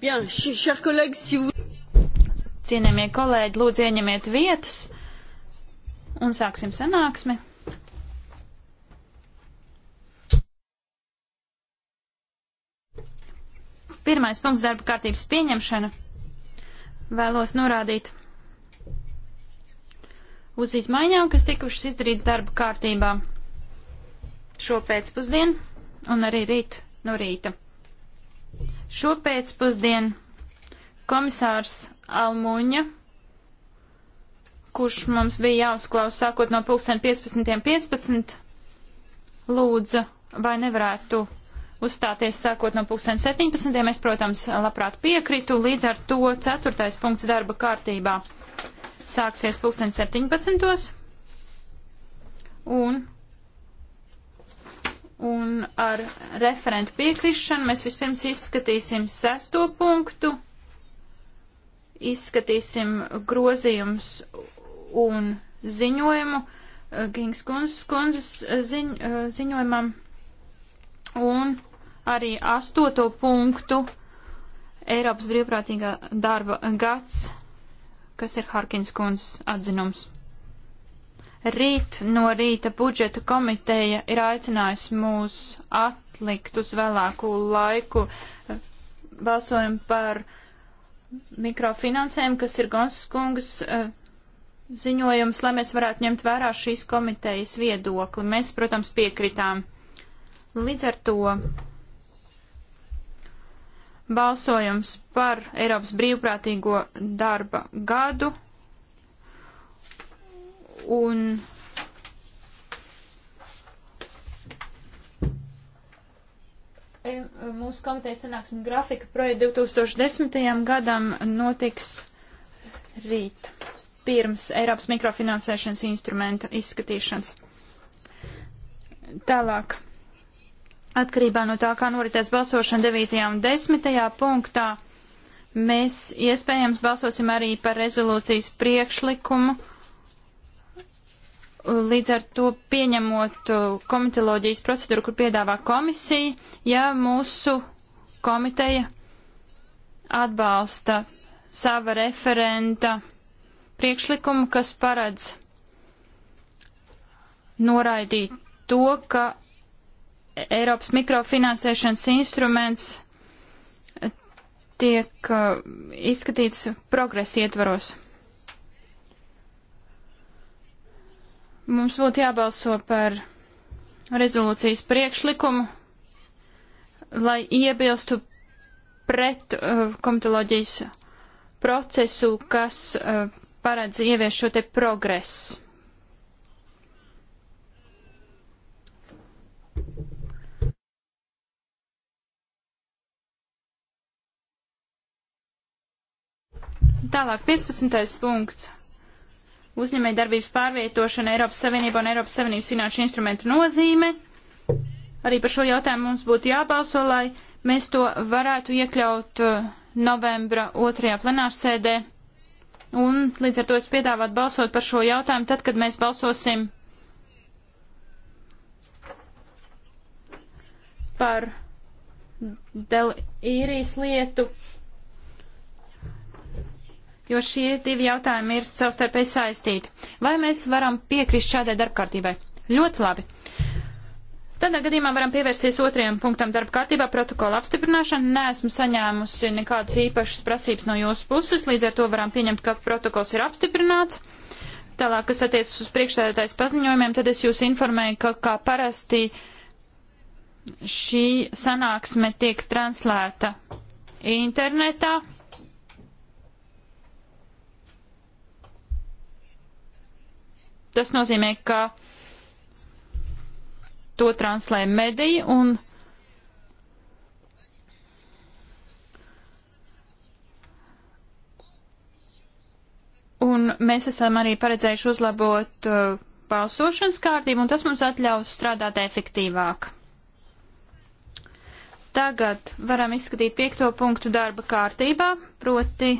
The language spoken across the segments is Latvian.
Bien, chers collègues, si vous... Cienījamie kolēģi, lūdzu ieņemiet vietas un sāksim sanāksmi. Pirmais punkts darba kārtības pieņemšana. Vēlos norādīt uz izmaiņām, kas tikušas izdarītas darba kārtībā šo pēcpusdienu un arī rīt no rīta. Šopēcpusdien komisārs Almuņa, kurš mums bija jāuzklaus sākot no 15.15, 15, lūdza, vai nevarētu uzstāties sākot no 17. Es, protams, labprāt piekritu, līdz ar to ceturtais punkts darba kārtībā sāksies 17. un Un ar referentu piekrišanu mēs vispirms izskatīsim sesto punktu, izskatīsim grozījums un ziņojumu eh, Gings kundzes, kundzes eh, ziņ, eh, ziņojumam un arī astoto punktu Eiropas brīvprātīgā darba gads, kas ir Harkins kundzes atzinums. Rīt no rīta budžeta komiteja ir aicinājusi mūs atlikt uz vēlāku laiku eh, balsojumu par mikrofinansēm, kas ir Gonskungas eh, ziņojums, lai mēs varētu ņemt vērā šīs komitejas viedokli. Mēs, protams, piekritām. Līdz ar to balsojums par Eiropas brīvprātīgo darba gadu un mūsu komitejas sanāksmes grafika projekta 2010. gadam notiks rīt pirms Eiropas mikrofinansēšanas instrumenta izskatīšanas. Tālāk. Atkarībā no tā, kā noritēs balsošana 9. un 10. punktā, mēs iespējams balsosim arī par rezolūcijas priekšlikumu Līdz ar to pieņemot uh, komitoloģijas procedūru, kur piedāvā komisija, ja mūsu komiteja atbalsta sava referenta priekšlikumu, kas paredz noraidīt to, ka Eiropas mikrofinansēšanas instruments tiek uh, izskatīts progresa ietvaros. Mums būtu jābalso par rezolūcijas priekšlikumu, lai iebilstu pret uh, komitoloģijas procesu, kas uh, paredz ievies šo te progresu. Tālāk, 15. punkts uzņēmēja darbības pārvietošana Eiropas Savienība un Eiropas Savienības finanšu instrumentu nozīme. Arī par šo jautājumu mums būtu jābalso, lai mēs to varētu iekļaut uh, novembra otrajā plenārsēdē. Un līdz ar to es piedāvātu balsot par šo jautājumu tad, kad mēs balsosim par Del īrijas lietu jo šie divi jautājumi ir savstarpēji saistīti. Vai mēs varam piekrist šādai darbkārtībai? Ļoti labi. Tādā gadījumā varam pievērsties otrajam punktam darba kārtībā - protokola apstiprināšana. Neesmu saņēmusi nekādas īpašas prasības no jūsu puses, līdz ar to varam pieņemt, ka protokols ir apstiprināts. Tālāk, kas attiecas uz priekšstādātais paziņojumiem, tad es jūs informēju, ka kā parasti šī sanāksme tiek translēta internetā. Tas nozīmē, ka to translē mediji un Un mēs esam arī paredzējuši uzlabot uh, balsošanas kārtību, un tas mums atļaus strādāt efektīvāk. Tagad varam izskatīt piekto punktu darba kārtībā, proti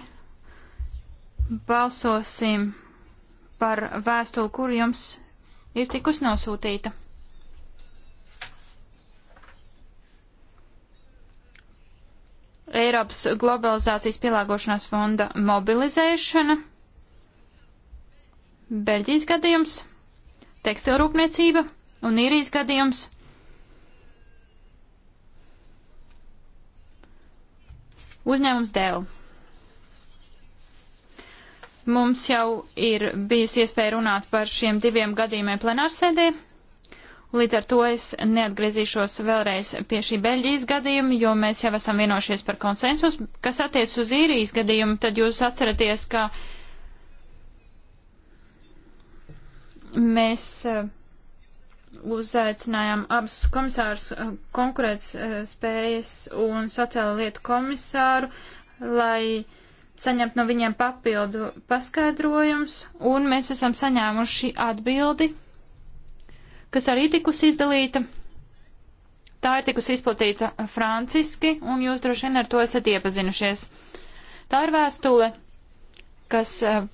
balsosim par vēstuli, kur jums ir tikus nosūtīta. Eiropas globalizācijas pielāgošanās fonda mobilizēšana, Beļģijas gadījums, tekstilrūpniecība un īrijas gadījums. Uzņēmums dēļ. Mums jau ir bijusi iespēja runāt par šiem diviem gadījumiem plenārsēdē. Līdz ar to es neatgriezīšos vēlreiz pie šī Beļģijas gadījuma, jo mēs jau esam vienojušies par konsensus. Kas attiec uz īrijas gadījumu, tad jūs atceraties, ka mēs eh, uzaicinājām abus komisārus eh, konkurēts spējas un sociālo lietu komisāru, lai uh, saņemt no viņiem papildu paskaidrojums, un mēs esam saņēmuši atbildi, kas arī tikusi izdalīta. Tā ir tikusi izplatīta franciski, un jūs droši vien ar to esat iepazinušies. Tā ir vēstule, kas eh,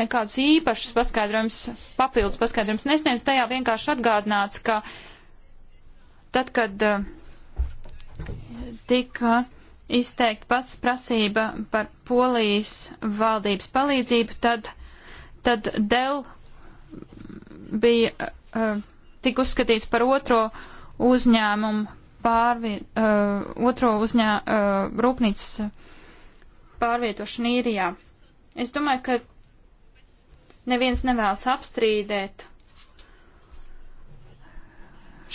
nekādus īpašus paskaidrojums, papildus paskaidrojums nesniedz. Tajā vienkārši atgādināts, ka tad, kad eh, tika izteikt pats prasība par Polijas valdības palīdzību, tad, tad Dell bija uh, eh, tik uzskatīts par otro uzņēmumu pārvi, uh, otro uzņē, uh, rūpnīcas pārvietošanu īrijā. Es domāju, ka neviens nevēlas apstrīdēt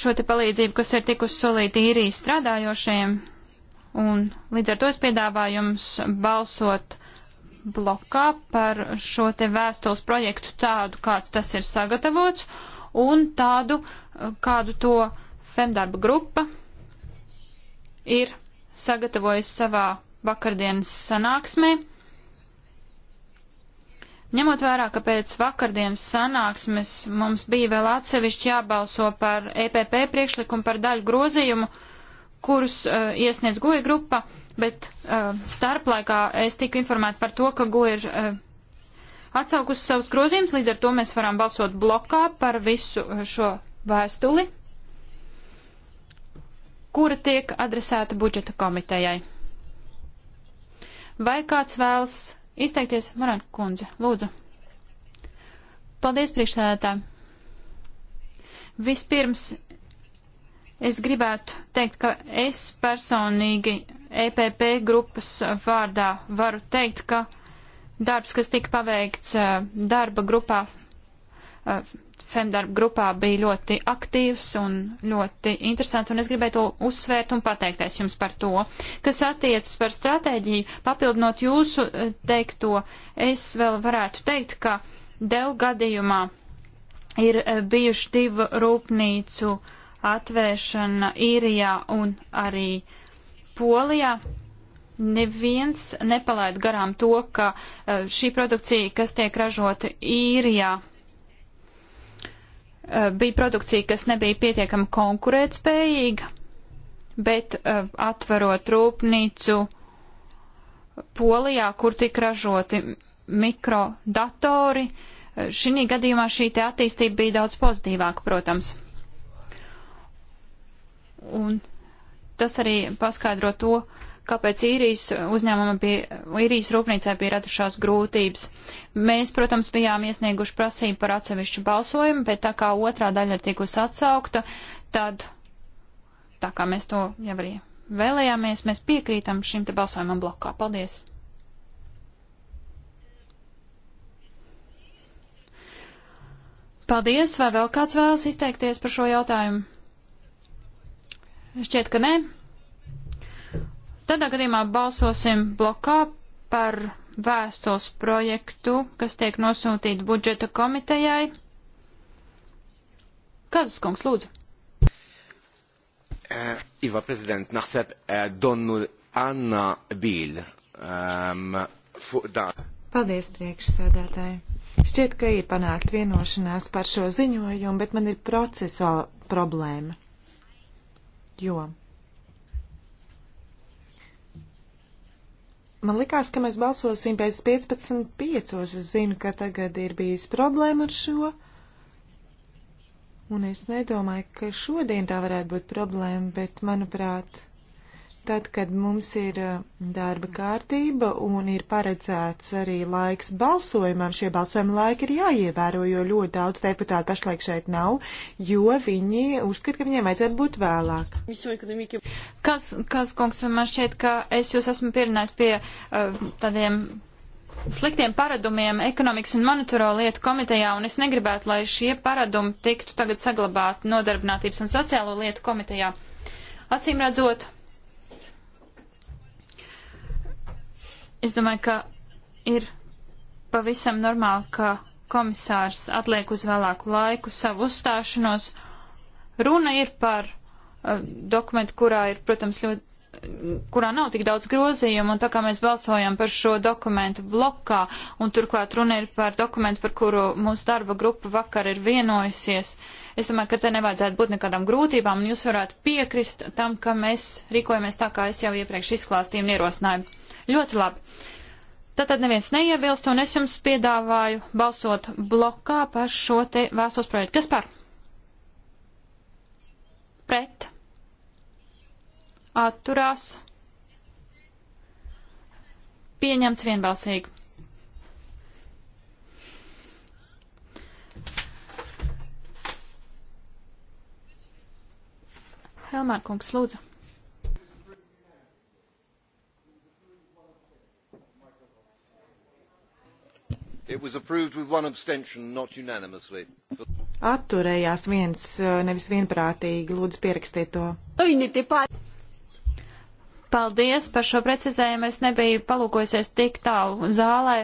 šo te palīdzību, kas ir tikus solīta īrijas strādājošajiem Un līdz ar to es piedāvāju jums balsot blokā par šo te vēstules projektu tādu, kāds tas ir sagatavots, un tādu, kādu to femdarba grupa ir sagatavojusi savā vakardienas sanāksmē. Ņemot vērā, ka pēc vakardienas sanāksmes mums bija vēl atsevišķi jābalso par EPP priekšlikumu par daļu grozījumu, uh, kurus uh, iesniedz goja e grupa, bet uh, starplaikā es tiku informēta par to, ka goja e ir uh, atsaukusi savus grozījumus, līdz ar to mēs varam balsot blokā par visu šo vēstuli, kura tiek adresēta budžeta komitejai. Vai kāds vēlas izteikties? Maran kundze, lūdzu. Paldies, priekšsēdētāji. Vispirms Es gribētu teikt, ka es personīgi EPP grupas vārdā varu teikt, ka darbs, kas tika paveikts eh, darba grupā, eh, femdarba grupā, bija ļoti aktīvs un ļoti interesants, un es gribēju to uzsvērt un pateikties jums par to. Kas attiecas par stratēģiju, papildinot jūsu eh, teikto, es vēl varētu teikt, ka Dell gadījumā ir bijuši divu rūpnīcu uh, atvēršana īrijā un arī polijā. Neviens nepalaid garām to, ka eh, šī produkcija, kas tiek ražota īrijā, eh, bija produkcija, kas nebija pietiekami konkurētspējīga, bet eh, atverot rūpnīcu Polijā, kur tika ražoti mikrodatori, šī gadījumā šī attīstība bija daudz pozitīvāka, protams. Un tas arī paskaidro to, kāpēc īrijas uzņēmuma bija, īrijas rūpnīcē bija radušās grūtības. Mēs, protams, bijām iesnieguši prasību par atsevišķu balsojumu, bet tā kā otrā daļa ir tikusi atsaukta, tad, tā kā mēs to jau arī vēlējāmies, mēs piekrītam šim te balsojumam blokā. Paldies! Paldies, vai vēl kāds vēlas izteikties par šo jautājumu? Šķiet, ka nē. Tādā gadījumā balsosim blokā par vēstules projektu, kas tiek nosūtīta budžeta komitejai. Kazas kungs, lūdzu. Uh, Iva prezident, naħseb uh, donnu Anna Bīl. Um, ehm, da. Paldies, priekšsēdētāji. Šķiet, ka ir panākt vienošanās par šo ziņojumu, bet man ir procesuāla problēma jo man likās, ka mēs balsosim pēc 15.5. Es zinu, ka tagad ir bijusi problēma ar šo. Un es nedomāju, ka šodien tā varētu būt problēma, bet, manuprāt, Tad, kad mums ir uh, darba kārtība un ir paredzēts arī laiks balsojumam, šie balsojuma laiki ir jāievēro, jo ļoti daudz deputātu pašlaik šeit nav, jo viņi uzskata, ka viņiem vajadzētu būt vēlāk. Kas, kas kungs, man šķiet, ka es jūs esmu pierunājis pie uh, tādiem sliktiem paradumiem ekonomikas un monetāro lietu komitejā, un es negribētu, lai šie paradumi tiktu tagad saglabāti nodarbinātības un sociālo lietu komitejā. Acīm redzot, Es domāju, ka ir pavisam normāli, ka komisārs atliek uz vēlāku laiku savu uzstāšanos. Runa ir par uh, dokumentu, kurā ir, protams, ļoti kurā nav tik daudz grozījumu, un tā kā mēs balsojam par šo dokumentu blokā, un turklāt runa ir par dokumentu, par kuru mūsu darba grupa vakar ir vienojusies, es domāju, ka te nevajadzētu būt nekādām grūtībām, un jūs varētu piekrist tam, ka mēs rīkojamies tā, kā es jau iepriekš izklāstīju un ierosināju. Ļoti labi. Tātad neviens neiebilst, un es jums piedāvāju balsot blokā par šo te vēstos projektu. Kas par? Pret. Atturās. Pieņemts vienbalsīgi. Helmārkungs, lūdzu. It was approved with one abstention, not unanimously. Atturējās viens, eh, nevis vienprātīgi. Lūdzu, pierakstiet to. Paldies par šo precizējumu. Es nebiju palūkojusies tik tālu zālē.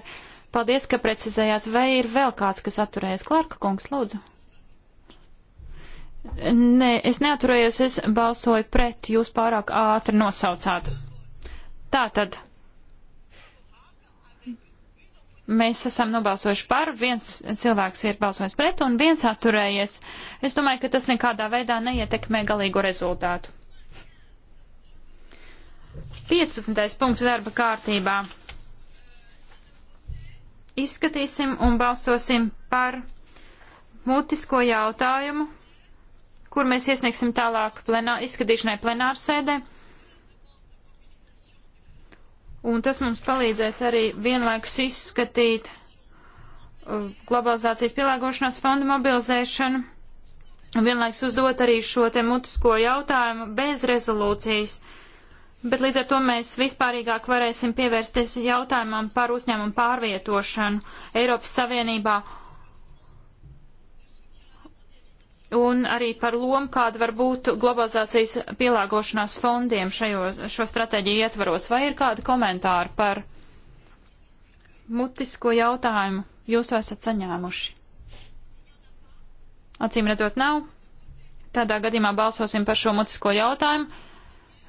Paldies, ka precizējāt. Vai ir vēl kāds, kas atturējas? Klarka kungs, lūdzu. Nē, es neaturējos, es balsoju pret, jūs pārāk ātri nosaucāt. Tātad Mēs esam nobalsojuši par, viens cilvēks ir balsojis pret un viens atturējies. Es domāju, ka tas nekādā veidā neietekmē galīgo rezultātu. 15. punkts darba kārtībā. Izskatīsim un balsosim par mutisko jautājumu, kur mēs iesniegsim tālāk plenā, izskatīšanai plenārsēdē. Plenār Un tas mums palīdzēs arī vienlaikus izskatīt uh, globalizācijas pielāgošanās fondu mobilizēšanu un vienlaikus uzdot arī šo te mutisko jautājumu bez rezolūcijas. Bet līdz ar to mēs vispārīgāk varēsim pievērsties jautājumam par uzņēmumu pārvietošanu Eiropas Savienībā un arī par lomu, kāda var būt globalizācijas pielāgošanās fondiem šajo, šo stratēģiju ietvaros. Vai ir kādi komentāri par mutisko jautājumu? Jūs to esat saņēmuši. Acīm redzot, nav. Tādā gadījumā balsosim par šo mutisko jautājumu.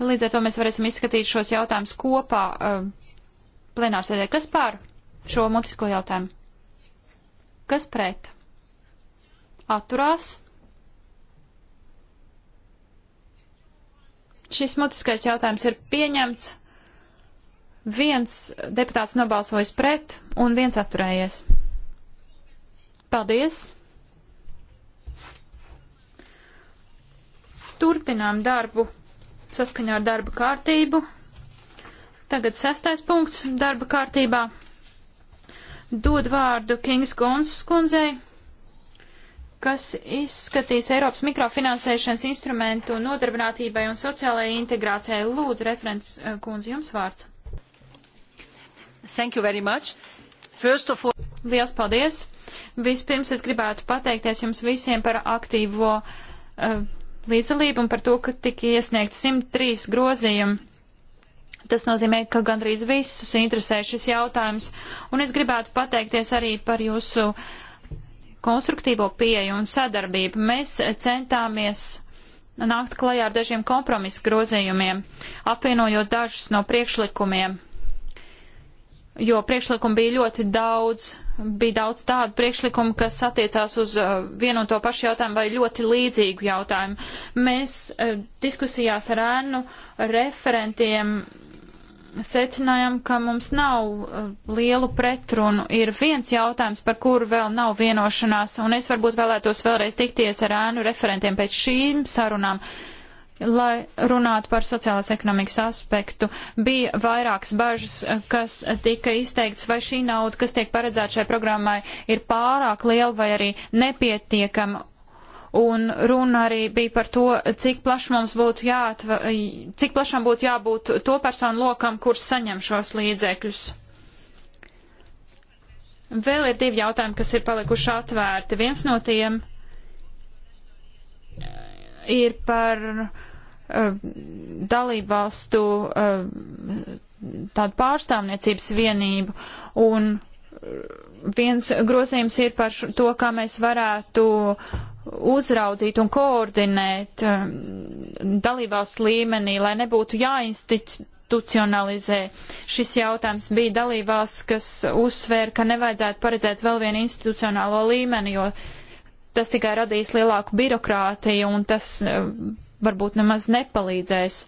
Līdz ar to mēs varēsim izskatīt šos jautājumus kopā uh, plenārsēdē. Kas pār šo mutisko jautājumu? Kas pret? Atturās? Šis mutiskais jautājums ir pieņemts. Viens deputāts nobalsojis pret un viens atturējies. Paldies! Turpinām darbu saskaņā ar darba kārtību. Tagad sestais punkts darba kārtībā. Dod vārdu Kingas Gunsas kundzei kas izskatīs Eiropas mikrofinansēšanas instrumentu nodarbinātībai un sociālajai integrācijai. Lūdzu, referents eh, kundze, jums vārds. Thank you very much. First of all... Liels paldies. Vispirms es gribētu pateikties jums visiem par aktīvo uh, līdzdalību un par to, ka tika iesniegt 103 grozījumi. Tas nozīmē, ka gandrīz visus interesē šis jautājums. Un es gribētu pateikties arī par jūsu uh, konstruktīvo pieeju un sadarbību. Mēs centāmies nākt klajā ar dažiem kompromisu grozījumiem, apvienojot dažus no priekšlikumiem, jo priekšlikumu bija ļoti daudz, bija daudz tādu priekšlikumu, kas attiecās uz uh, vienu un to pašu jautājumu vai ļoti līdzīgu jautājumu. Mēs uh, diskusijās ar ēnu referentiem secinājām, ka mums nav uh, lielu pretrunu. Ir viens jautājums, par kuru vēl nav vienošanās, un es varbūt vēlētos vēlreiz tikties ar ēnu referentiem pēc šīm sarunām. Lai runātu par sociālās ekonomikas aspektu, bija vairākas bažas, uh, kas tika izteikts, vai šī nauda, kas tiek paredzēta šai programmai, ir pārāk liela vai arī nepietiekama un runa arī bija par to, cik plaši mums būtu jāatva, cik plašam būtu jābūt to personu lokam, kurš saņem šos līdzekļus. Vēl ir divi jautājumi, kas ir palikuši atvērti. Viens no tiem eh, ir par uh, eh, dalībvalstu uh, eh, tādu pārstāvniecības vienību un viens grozījums ir par to, kā mēs varētu uh, uzraudzīt un koordinēt um, dalībās līmenī, lai nebūtu jāinstitucionalizē. Šis jautājums bija dalībās, kas uzsvēra, ka nevajadzētu paredzēt vēl vienu institucionālo līmeni, jo tas tikai radīs lielāku birokrātiju un tas um, varbūt nemaz nepalīdzēs.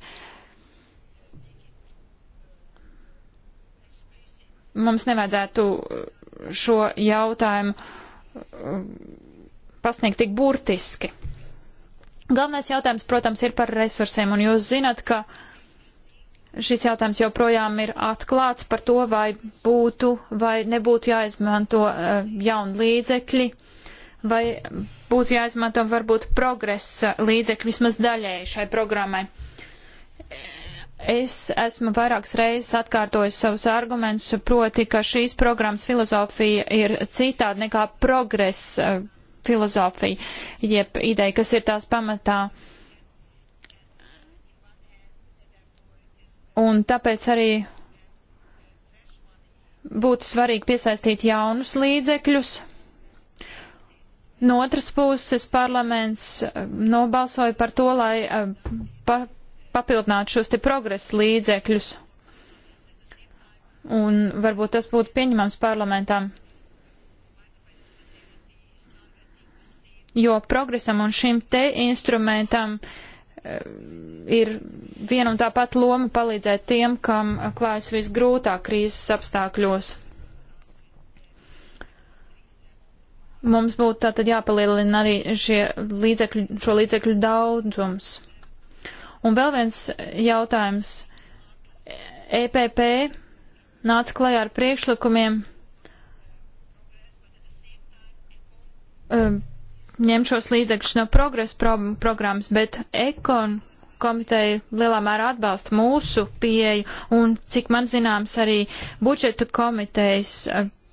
Mums nevajadzētu šo jautājumu um, pasniegt tik burtiski. Galvenais jautājums, protams, ir par resursiem, un jūs zinat, ka šis jautājums joprojām ir atklāts par to, vai būtu vai nebūtu jāizmanto eh, jauni līdzekļi, vai būtu jāizmanto varbūt progresa līdzekļi vismaz daļēji šai programmai. Es esmu vairākas reizes atkārtojis savus argumentus, proti, ka šīs programmas filozofija ir citāda nekā progresa eh, filozofija, jeb ideja, kas ir tās pamatā. Un tāpēc arī būtu svarīgi piesaistīt jaunus līdzekļus. No otras puses, parlaments eh, nobalsoja par to, lai eh, pa, papildinātu šos te progresa līdzekļus. Un varbūt tas būtu pieņemams parlamentam. jo progresam un šim te instrumentam eh, ir viena un tā pat loma palīdzēt tiem, kam klājas visgrūtāk krīzes apstākļos. Mums būtu tātad jāpalielina arī šie līdzekļu, šo līdzekļu daudzums. Un vēl viens jautājums. EPP nāca klajā ar priekšlikumiem um, ņem šos līdzekļus no progresa pro programmas, bet ekon komiteja lielā mērā atbalsta mūsu pieeju, un cik man zināms, arī budžeta komitejas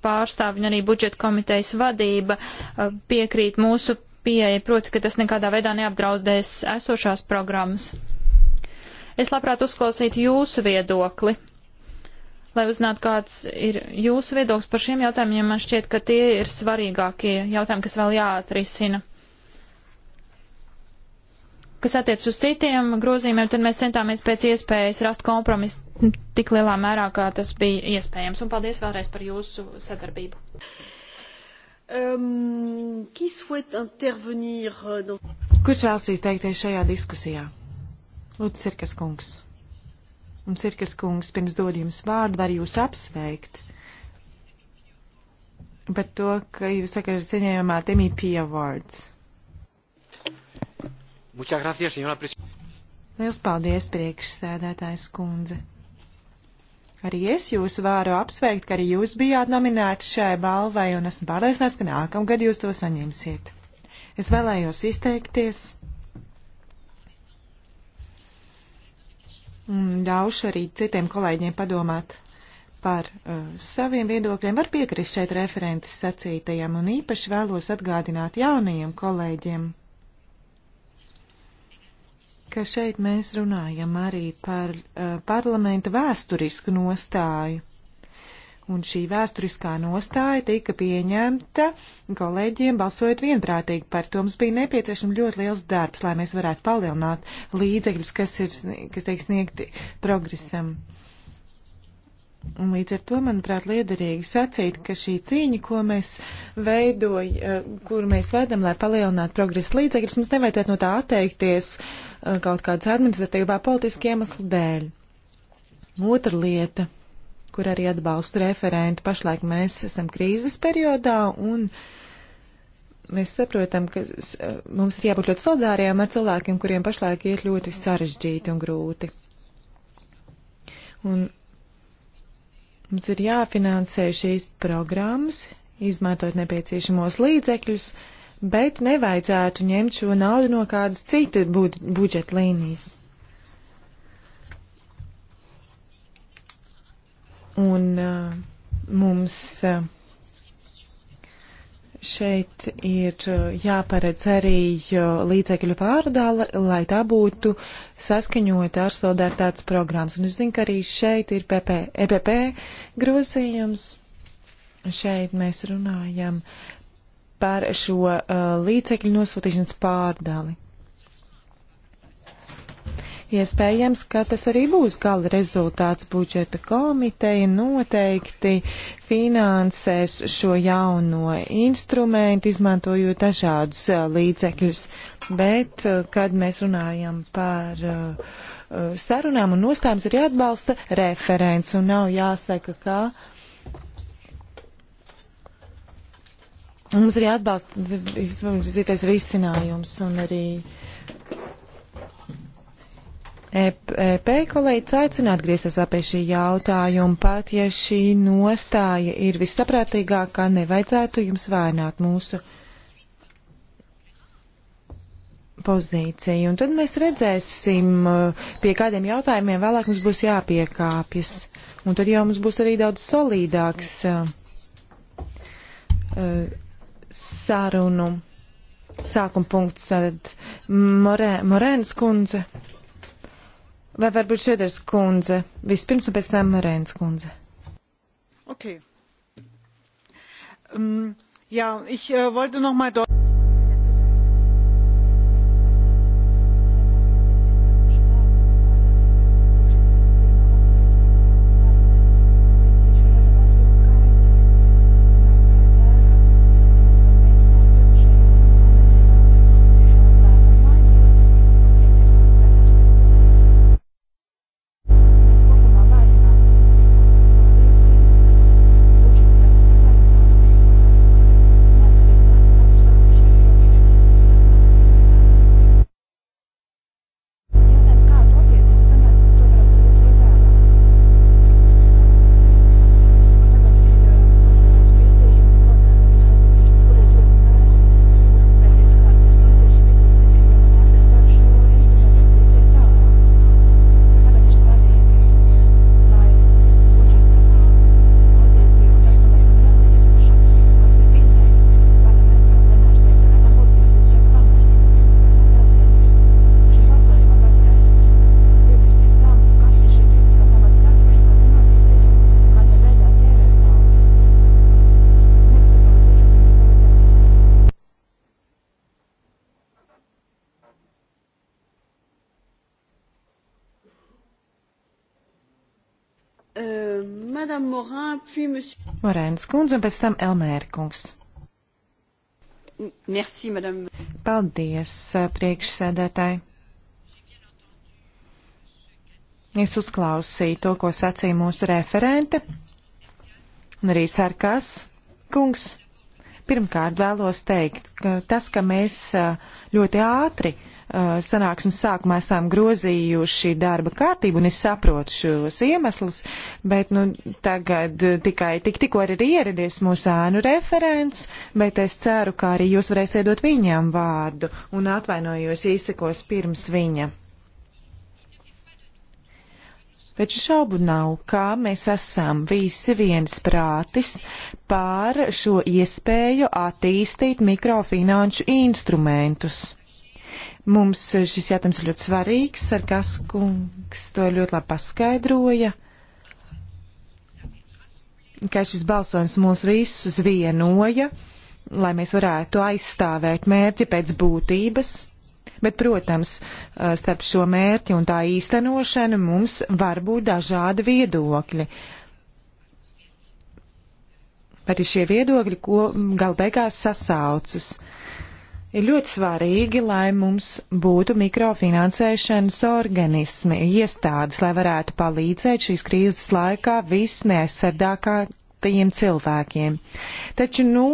pārstāvi un arī budžeta komitejas vadība piekrīt mūsu pieeja, proti, ka tas nekādā veidā neapdraudēs esošās programmas. Es labprāt uzklausītu jūsu viedokli lai uzzinātu, kāds ir jūsu viedoklis par šiem jautājumiem. Man šķiet, ka tie ir svarīgākie jautājumi, kas vēl jāatrisina. Kas attiec uz citiem grozījumiem, tad mēs centāmies pēc iespējas rast kompromisu tik lielā mērā, kā tas bija iespējams. Un paldies vēlreiz par jūsu sadarbību. Um, uh, Kurš vēlas izteikties šajā diskusijā? Lūdzu, Sirkas kungs. Mums ir kas kungs, pirms dod jums vārdu, var jūs apsveikt par to, ka jūs sakat saņēmumā MEP Awards. Muchas gracias, señora presidenta. Liels paldies, priekšsēdētājs kundze. Arī es jūs varu apsveikt, ka arī jūs bijāt nominēti šai balvai, un esmu pārliecināts, ka nākamgad jūs to saņemsiet. Es vēlējos izteikties ļaušu arī citiem kolēģiem padomāt par uh, saviem viedokļiem. Var piekrist šeit referentes sacītajam un īpaši vēlos atgādināt jaunajiem kolēģiem, ka šeit mēs runājam arī par uh, parlamenta vēsturisku nostāju un šī vēsturiskā nostāja tika pieņemta kolēģiem balsojot vienprātīgi. Par to mums bija nepieciešams ļoti liels darbs, lai mēs varētu palielināt līdzekļus, kas ir, kas tiek sniegti progresam. Un līdz ar to, manuprāt, liederīgi sacīt, ka šī cīņa, ko mēs veidojam, eh, kur mēs vedam, lai palielinātu progresu līdzekļus, mums nevajadzētu no tā atteikties eh, kaut kādas administratīvā politiska iemesla dēļ. Otra lieta kur arī atbalstu referentu. Pašlaik mēs esam krīzes periodā un mēs saprotam, ka mums ir jābūt ļoti solidāriem ar cilvēkiem, kuriem pašlaik ir ļoti sarežģīti un grūti. Un mums ir jāfinansē šīs programmas, izmantojot nepieciešamos līdzekļus, bet nevajadzētu ņemt šo naudu no kādas citas budžeta līnijas. Un uh, mums uh, šeit ir uh, jāparedz arī uh, līdzekļu pārdala, lai tā būtu saskaņota ar solidaritātes programmas. Un es zinu, ka arī šeit ir PP, EPP grozījums. Šeit mēs runājam par šo uh, līdzekļu nosūtīšanas pārdali. Iespējams, ka tas arī būs gala rezultāts. Budžeta komiteja noteikti finansēs šo jauno instrumentu, izmantojot dažādus uh, līdzekļus. Bet, uh, kad mēs runājam par uh, sarunām un nostājums, ir jāatbalsta referents un nav jāsaka, ka. Mums ir jāatbalsta izvirzītais risinājums un arī EP e kolēģis aicina atgriezties pie šī jautājuma, pat ja šī nostāja ir vissaprātīgākā, nevajadzētu jums vainot mūsu pozīciju. Un tad mēs redzēsim, e, pie kādiem jautājumiem vēlāk mums būs jāpiekāpjas. Un tad jau mums būs arī daudz solīdāks uh, sarunu sākuma punkts. Tad Morē, Morēnas kundze. Vai varbūt Šeders kundze? Vispirms un pēc tam Rēns kundze. Okay. Um, jā, ich uh, wollte noch mal dort. Morēnas kundze un pēc tam Elmēra kungs. Merci, madame. Paldies, priekšsēdētāji. Es uzklausīju to, ko sacīja mūsu referente un arī Sarkas kungs. Pirmkārt vēlos teikt, ka tas, ka mēs ļoti ātri uh, Eh, sanāksmes sākumā esam grozījuši darba kārtību, un es saprotu šos iemeslus, bet nu, tagad eh, tikai tik, tikko ir ieradies mūsu ēnu referents, bet es ceru, ka arī jūs varēsiet dot viņam vārdu, un atvainojos īsakos pirms viņa. Taču šaubu nav, kā mēs esam visi viens prātis pār šo iespēju attīstīt mikrofinanšu instrumentus. Mums eh, šis jautājums ir ļoti svarīgs, ar kas kungs to ļoti labi paskaidroja, ka šis balsojums mūs visus vienoja, lai mēs varētu aizstāvēt mērķi pēc būtības. Bet, protams, eh, starp šo mērķi un tā īstenošanu mums var būt dažādi viedokļi. Bet ir šie viedokļi, ko mm, gal beigās sasaucas. Uh, Ir ļoti svarīgi, lai mums būtu mikrofinansēšanas organismi, iestādes, lai varētu palīdzēt šīs krīzes laikā visneaizsardākātajiem cilvēkiem. Taču, nu,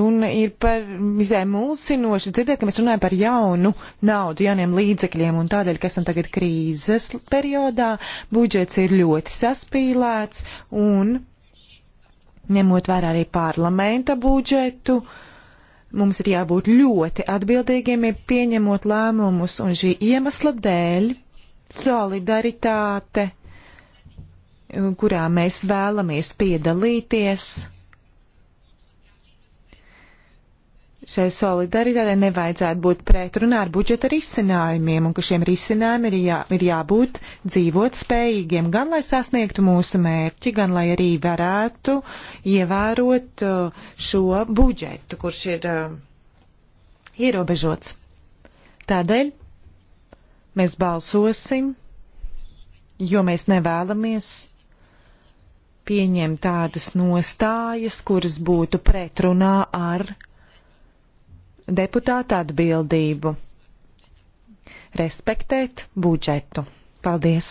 runa ir par mizē mulsinoši dzirdēt, ka mēs runājam par jaunu naudu, jauniem līdzekļiem, un tādēļ, ka esam tagad krīzes periodā, budžets ir ļoti saspīlēts, un ņemot vērā arī parlamenta budžetu, uh, Mums ir jābūt ļoti atbildīgiem, ja pieņemot lēmumus, un šī iemesla dēļ solidaritāte, kurā mēs vēlamies piedalīties, šai solidaritātei nevajadzētu būt pretrunā ar budžeta risinājumiem, un ka šiem risinājumiem ir, jā, ir jābūt dzīvot spējīgiem, gan lai sasniegtu mūsu mērķi, gan lai arī varētu ievērot uh, šo budžetu, kurš ir uh, ierobežots. Tādēļ mēs balsosim, jo mēs nevēlamies pieņemt tādas nostājas, kuras būtu pretrunā ar deputāta atbildību respektēt budžetu. Paldies!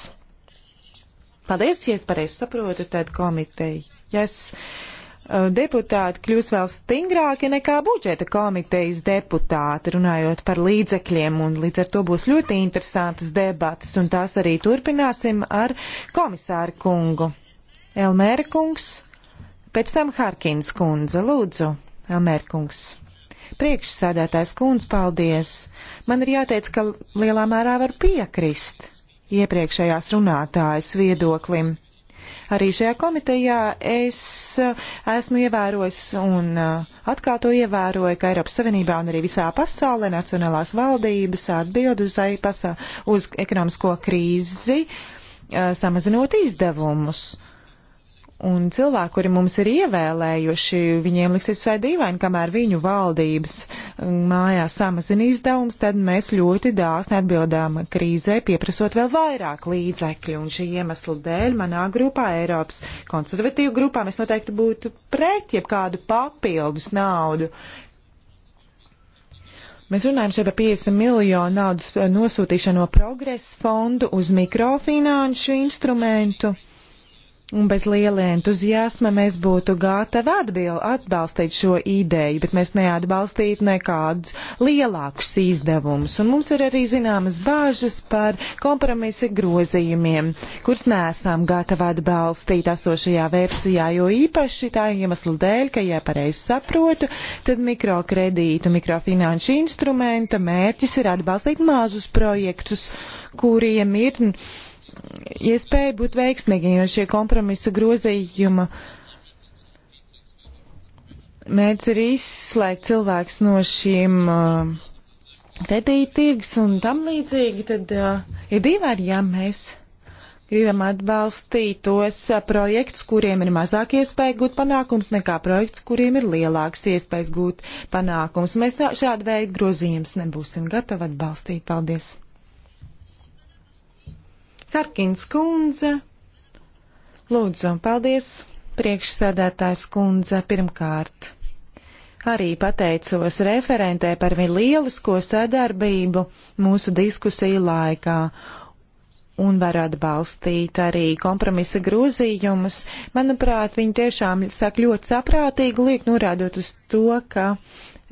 Paldies, ja es pareizi saprotu, tad komiteja. Yes deputāti kļūs vēl stingrāki nekā budžeta komitejas deputāti, runājot par līdzekļiem, un līdz ar to būs ļoti interesantas debatas, un tās arī turpināsim ar komisāru kungu. Elmēra kungs, pēc tam Harkins kundze, lūdzu, Elmēra kungs. Priekšsēdētājs kundz, paldies! Man ir jāteic, ka lielā mērā var piekrist iepriekšējās runātājas viedoklim. Arī šajā komitejā es uh, esmu ievērojis un uh, atkal to ievēroju, ka Eiropas Savienībā un arī visā pasaulē nacionālās valdības atbild uz, uz ekonomisko krīzi, uh, samazinot izdevumus. Uh, Un cilvēki, kuri mums ir ievēlējuši, viņiem liksies visai dīvaini, kamēr viņu valdības mm, mājās samazina izdevums, tad mēs ļoti dāsni atbildām krīzē, pieprasot vēl vairāk līdzekļu. Un šī iemesla dēļ manā grupā, Eiropas konservatīvu grupā, mēs noteikti būtu pret jebkādu papildus naudu, Mēs runājam šeit par 50 miljonu naudas eh, nosūtīšanu no progresa fondu uz mikrofinanšu instrumentu. Un bez liela entuziasma mēs būtu gatavi atbil, atbalstīt šo ideju, bet mēs neatbalstītu nekādus lielākus izdevumus. Un mums ir arī zināmas bāžas par kompromisa grozījumiem, kurus nesam gatavi atbalstīt esošajā versijā, jo īpaši tā iemesla dēļ, ka, ja pareizi saprotu, tad mikrokredītu, mikrofinanšu instrumenta mērķis ir atbalstīt mazus projektus, kuriem ir iespēja būt veiksmīgiem, jo šie kompromisa grozījuma mērķis ir izslēgt cilvēks no šiem uh, kredīttirgus un tam līdzīgi, tad uh, ir dīvaini, ja mēs gribam atbalstīt tos uh, projektus, kuriem ir mazāk iespēja gūt panākums, nekā projekts, kuriem ir lielāks iespējas gūt panākums. Mēs šādu veidu grozījums nebūsim gatavi atbalstīt. Paldies! Harkins kundze, lūdzu, paldies, priekšsēdētājs kundze, pirmkārt. Arī pateicos referentē par viņu lielisko sadarbību mūsu diskusiju laikā un var atbalstīt arī kompromisa grozījumus. Manuprāt, viņi tiešām saka ļoti saprātīgi, liek norādot uz to, ka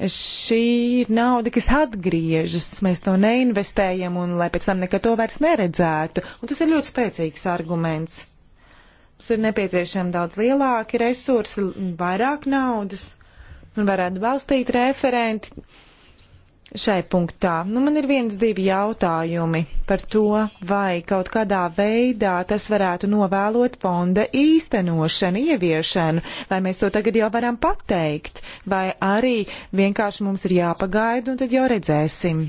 šī ir nauda, kas atgriežas, mēs to neinvestējam un lai pēc tam nekad to vairs neredzētu. Un tas ir ļoti spēcīgs arguments. Mums ir nepieciešami daudz lielāki resursi, vairāk naudas un varētu balstīt referenti šai punktā. Nu, man ir viens, divi jautājumi par to, vai kaut kādā veidā tas varētu novēlot fonda īstenošanu, ieviešanu, vai mēs to tagad jau varam pateikt, vai arī vienkārši mums ir jāpagaida un tad jau redzēsim.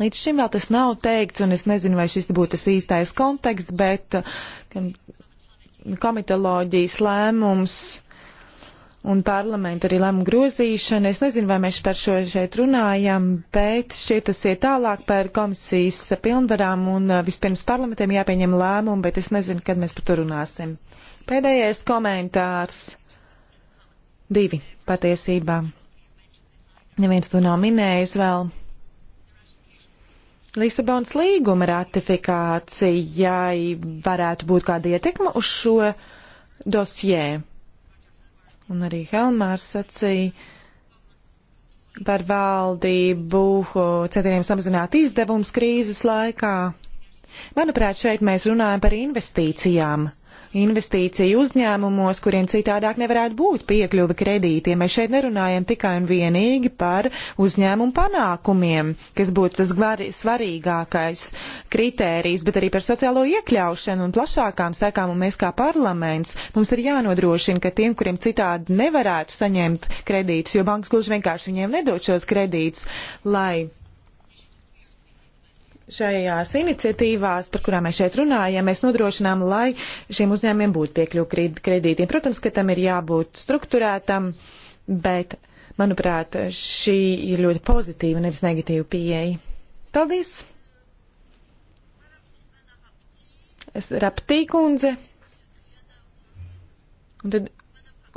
Līdz šim vēl tas nav teikts, un es nezinu, vai šis būtu tas īstais konteksts, bet uh, komitoloģijas lēmums un parlamentu arī lēmumu grozīšana. Es nezinu, vai mēs par šo šeit runājam, bet šķiet tas iet tālāk par komisijas pilnvarām un uh, vispirms parlamentiem jāpieņem lēmumu, bet es nezinu, kad mēs par to runāsim. Pēdējais komentārs. Divi patiesībā. Neviens to nav minējis vēl. Lisabonas līguma ratifikācijai varētu būt kāda ietekma uz šo dosjē un arī Helmārs sacīja par valdību centieniem samazināt izdevums krīzes laikā. Manuprāt, šeit mēs runājam par investīcijām investīciju uzņēmumos, kuriem citādāk nevarētu būt piekļuvi kredītiem. Mēs šeit nerunājam tikai un vienīgi par uzņēmumu panākumiem, kas būtu tas gvari, svarīgākais kritērijs, bet arī par sociālo iekļaušanu un plašākām sekām. Un mēs kā parlaments mums ir jānodrošina, ka tiem, kuriem citādi nevarētu saņemt kredītus, jo bankas gluži vienkārši viņiem nedod šos kredītus, lai šajās iniciatīvās, par kurām mēs šeit runājam, mēs nodrošinām, lai šiem uzņēmiem būtu piekļuvi kredītiem. Protams, ka tam ir jābūt strukturētam, bet, manuprāt, šī ir ļoti pozitīva, nevis negatīva pieeja. Paldies! Es raptīkundze. Un tad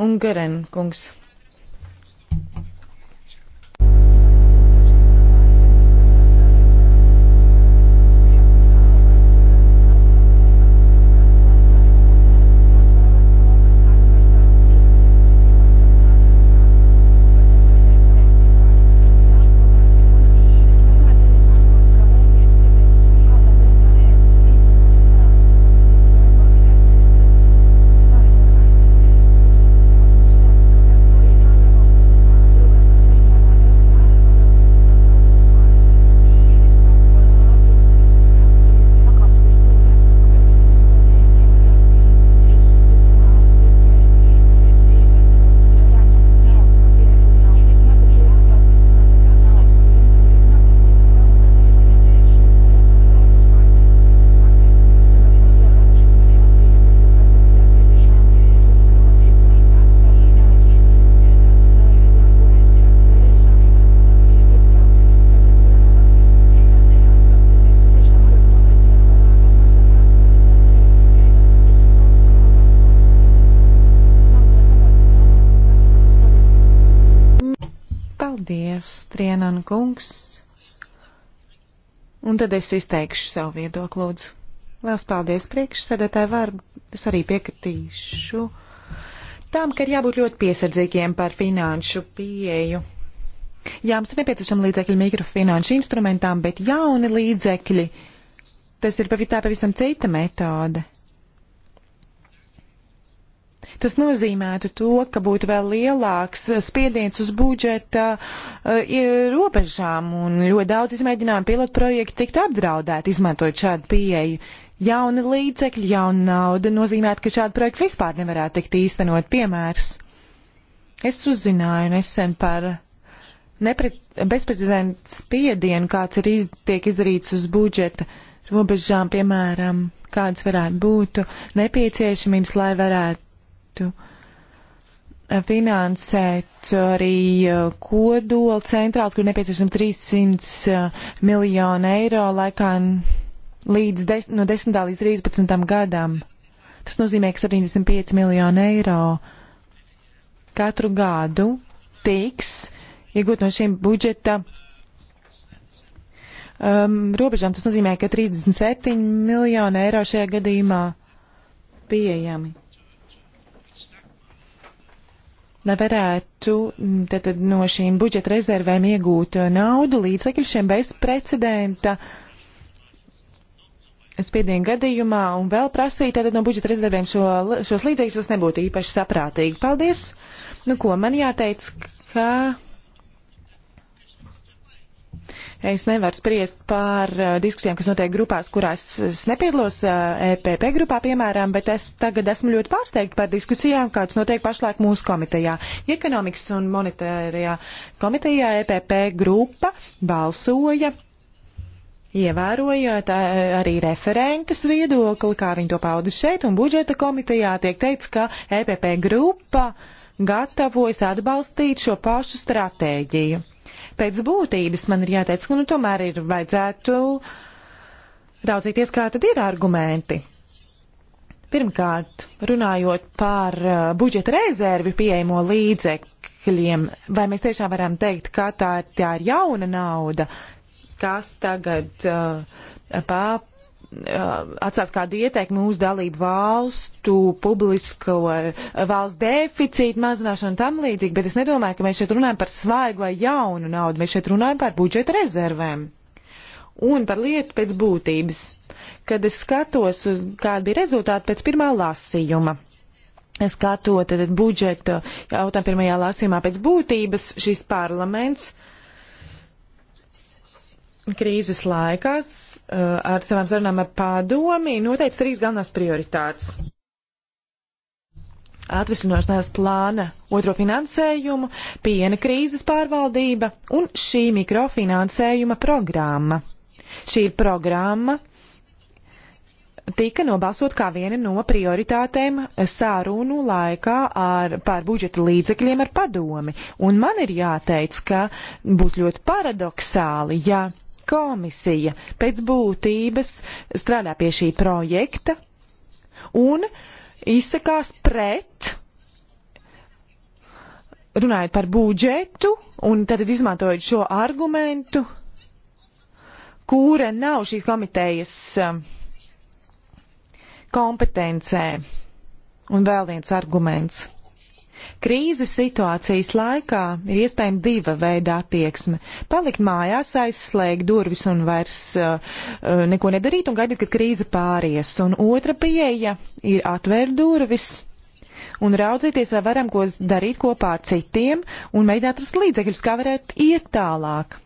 Ungaren kungs. Strienan kungs. Un tad es izteikšu savu viedokli, lūdzu. Lielas paldies priekšsēdētāji var, es arī piekritīšu tam, ka ir jābūt ļoti piesardzīgiem par finanšu pieeju. Jā, mums ir nepieciešama līdzekļi mikrofinanšu instrumentām, bet jauni līdzekļi, tas ir pavisam cita metode. Tas nozīmētu to, ka būtu vēl lielāks spiediens uz budžeta uh, robežām un ļoti daudz izmēģinājumu pilotprojektu tiktu apdraudēti, izmantojot šādu pieeju. Jauna līdzekļa, jauna nauda nozīmētu, ka šādu projektu vispār nevarētu tikt īstenot piemērs. Es uzzināju nesen par nepret, bezprecedenta spiedienu, kāds ir iz, tiek izdarīts uz budžeta robežām, piemēram, kādas varētu būt nepieciešamības, lai varētu varētu finansēt arī uh, kodola centrāls, kur nepieciešams 300 uh, miljonu eiro laikā līdz des, no 10. līdz 13. gadam. Tas nozīmē, ka 75 miljonu eiro katru gadu tiks iegūt no šiem budžeta um, robežām. Tas nozīmē, ka 37 miljonu eiro šajā gadījumā pieejami varētu mm, tad, no šīm budžeta rezervēm iegūt uh, naudu līdzekļu šiem bezprecedenta spiedienu gadījumā un vēl prasīt tātad no budžeta rezervēm šo, šos līdzekļus, tas nebūtu īpaši saprātīgi. Paldies! Nu ko, man jāteic, ka Es nevaru spriest par uh, diskusijām, kas notiek grupās, kurās es nepiedalos uh, eh, EPP grupā, piemēram, bet es tagad esmu ļoti pārsteigta par diskusijām, kādas notiek pašlaik mūsu komitejā. Ekonomikas un monetārajā komitejā EPP grupa balsoja. Ievērojot eh, arī referentes viedokli, kā viņi to pauda šeit, un budžeta komitejā tiek teikts, ka EPP grupa gatavojas atbalstīt šo pašu stratēģiju pēc būtības man ir jāteic, ka nu, tomēr ir vajadzētu raudzīties, kā tad ir argumenti. Pirmkārt, runājot par uh, budžeta rezervi pieejamo līdzekļiem, vai mēs tiešām varam teikt, ka tā, tā ir jauna nauda, kas tagad uh, pap Uh, atstās kādu ieteikumu mūsu dalību valstu publisko uh, valsts deficītu mazināšanu un tam līdzīgi, bet es nedomāju, ka mēs šeit runājam par svaigu vai jaunu naudu, mēs šeit runājam par budžeta rezervēm un par lietu pēc būtības. Kad es skatos, kāda bija rezultāta pēc pirmā lasījuma, skatot budžeta jautājumu pirmajā lasījumā pēc būtības, šis parlaments uh, krīzes laikās uh, ar savām sarunām ar padomi noteica trīs galvenās prioritātes. Atveslinošanās plāna otro finansējumu, piena krīzes pārvaldība un šī mikrofinansējuma programma. Šī ir programma tika nobalsot kā viena no prioritātēm sārunu laikā ar, par budžeta līdzekļiem ar padomi. Un man ir jāteic, ka būs ļoti paradoksāli, ja Komisija pēc būtības strādā pie šī projekta un izsakās pret, runājot par budžetu, un tad izmantojot šo argumentu, kura nav šīs komitejas um, kompetencē. Un vēl viens arguments Krīzes situācijas laikā ir iespējama diva veida attieksme - palikt mājās, aizslēgt durvis un vairs uh, uh, neko nedarīt un gaidīt, kad krīze pāries. Un otra pieeja ir atvērt durvis un raudzīties, vai varam ko darīt kopā ar citiem un mēģināt atrast līdzekļus, kā varētu iet tālāk.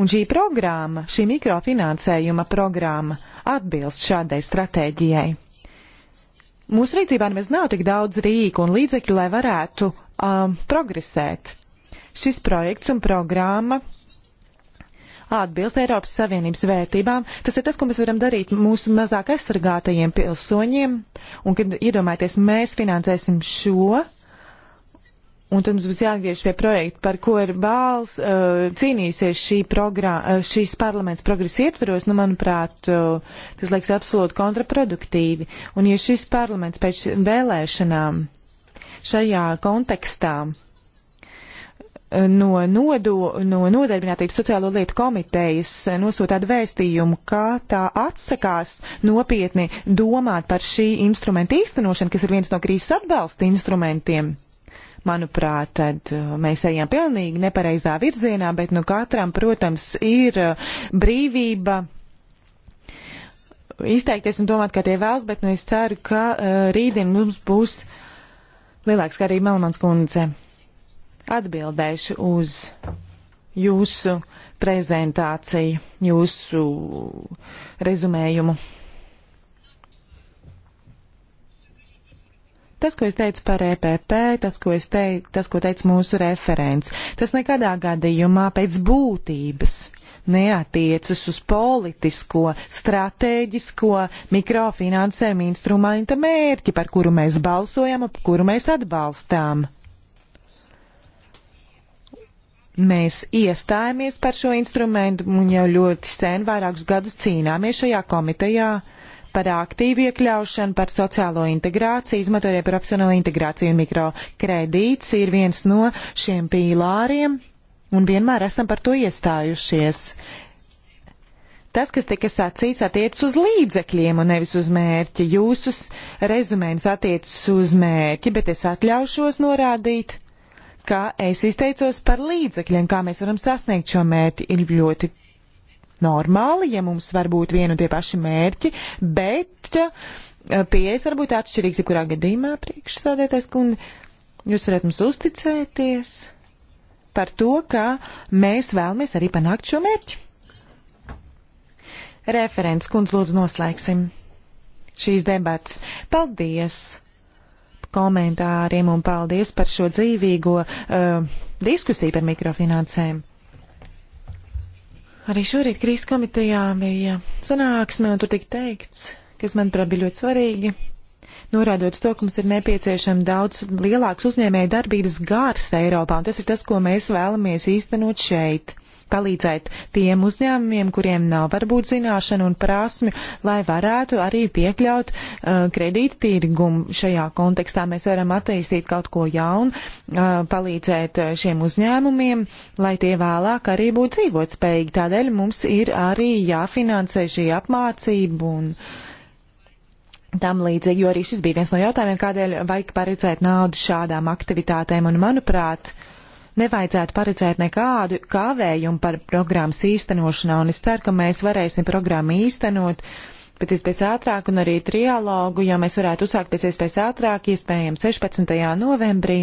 Un šī programma, šī mikrofinansējuma programma atbilst šādai stratēģijai mūsu rīcībā nemaz nav tik daudz rīku un līdzekļu, lai varētu um, progresēt. Šis projekts un programma atbilst Eiropas Savienības vērtībām. Tas ir tas, ko mēs varam darīt mūsu mazāk aizsargātajiem pilsoņiem. Un, kad iedomājieties, mēs finansēsim šo Un tad mums būs jāatgriež pie projekta, par ko ir bāls uh, cīnījusies šī progrā, eh, šīs parlaments progresa ietveros, nu, manuprāt, uh, tas liekas absolūti kontraproduktīvi. Un ja šis parlaments pēc vēlēšanām šajā kontekstā no, nodo, no Nodarbinātības sociālo lietu komitejas nosūta tādu vēstījumu, ka tā atsakās nopietni domāt par šī instrumenta īstenošanu, kas ir viens no krīzes atbalsta instrumentiem Manuprāt, tad uh, mēs ejam pilnīgi nepareizā virzienā, bet nu katram, protams, ir uh, brīvība izteikties un domāt, kā tie vēlas, bet nu es ceru, ka uh, rītdien mums būs lielāks, kā arī Melmans kundze. Atbildēšu uz jūsu prezentāciju, jūsu rezumējumu. Tas, ko es teicu par EPP, tas, ko, teicu, tas, ko teica mūsu referents, tas nekadā gadījumā pēc būtības neatiecas uz politisko, strateģisko mikrofinansējumu instrumenta mērķi, par kuru mēs balsojam, ap kuru mēs atbalstām. Mēs iestājāmies par šo instrumentu un jau ļoti sen, vairākus gadus cīnāmies šajā komitejā. Uh, par aktīvu iekļaušanu, par sociālo integrāciju, izmantojot profesionālo integrāciju un mikrokredīts ir viens no šiem pīlāriem, un vienmēr esam par to iestājušies. Tas, kas tika sacīts, attiecas uz līdzekļiem un nevis uz mērķi. Jūsu rezumējums attiecas uz mērķi, bet es atļaušos norādīt, ka es izteicos par līdzekļiem, kā mēs varam sasniegt šo mērķi. Ir ļoti normāli, ja mums var būt vienu un tie paši mērķi, bet eh, pieejas var būt atšķirīgs, ja kurā gadījumā priekšsādētais kundi. Jūs varat mums uzticēties par to, ka mēs vēlamies arī panākt šo mērķi. Referents kundz lūdzu noslēgsim šīs debatas. Paldies! komentāriem un paldies par šo dzīvīgo uh, diskusiju par mikrofinansēm. Arī šorīt krīzes komitejā bija sanāksme, un tur tika teikts, kas manuprāt bija ļoti svarīgi, norādot to, ka mums ir nepieciešama daudz lielāks uzņēmēja darbības gars Eiropā, un tas ir tas, ko mēs vēlamies īstenot šeit palīdzēt tiem uzņēmumiem, kuriem nav varbūt zināšanu un prasmi, lai varētu arī piekļaut uh, kredīta tirgumu. Šajā kontekstā mēs varam attīstīt kaut ko jaunu, uh, palīdzēt uh, šiem uzņēmumiem, lai tie vēlāk arī būtu dzīvotspējīgi. Tādēļ mums ir arī jāfinansē šī apmācība un tam līdzīgi, jo arī šis bija viens no jautājumiem, kādēļ vajag paredzēt naudu šādām aktivitātēm. Un, manuprāt, uh, nevajadzētu paredzēt nekādu kāvējumu par programmas īstenošanā, un es ceru, ka mēs varēsim programmu īstenot pēc iespējas ātrāk un arī trialogu, ja mēs varētu uzsākt pēc iespējas ātrāk, iespējams 16. novembrī.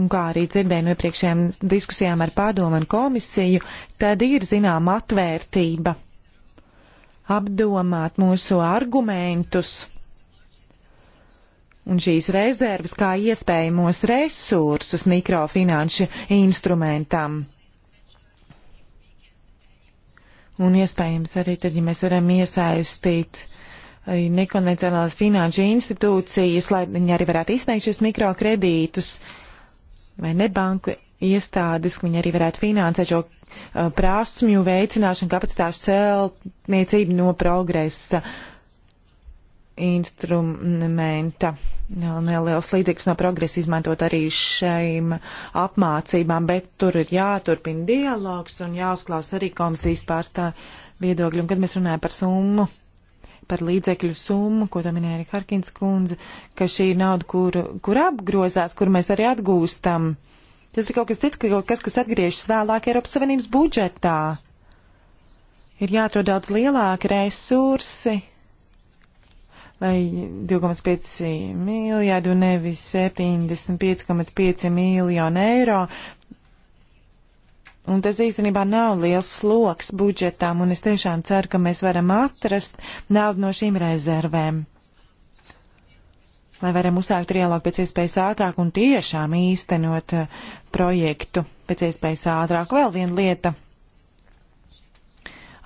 Un kā arī dzirdēju no iepriekšējām diskusijām ar padomu un komisiju, tad ir zināma atvērtība apdomāt mūsu argumentus un šīs rezerves kā iespējamos resursus mikrofinanšu instrumentam. Un iespējams arī tad, ja mēs varam iesaistīt arī nekonvencionālās finanšu institūcijas, lai viņi arī varētu izsniegt šos mikrokredītus vai nebanku iestādes, ka viņi arī varētu finansēt šo uh, prasmju veicināšanu, kapacitāšu celtniecību no progresa. Uh, instrumenta. Neliels līdzīgs no progresa izmantot arī šīm apmācībām, bet tur ir jāturpina dialogs un jāuzklās arī komisijas pārstāv viedokļi. Un kad mēs runājam par summu, par līdzekļu summu, ko tam minēja arī Harkins kundze, ka šī ir nauda, kur, kur apgrozās, kur mēs arī atgūstam. Tas ir kaut kas cits, kaut kas, kas atgriežas vēlāk Eiropas Savienības budžetā. Ir jāatrod daudz lielāki resursi lai 2,5 miljārdu nevis 75,5 miljonu eiro. Un tas īstenībā nav liels sloks budžetām, un es tiešām ceru, ka mēs varam atrast naudu no šīm rezervēm. Lai varam uzsākt trialogu pēc iespējas ātrāk un tiešām īstenot eh, projektu pēc iespējas ātrāk. Vēl viena lieta.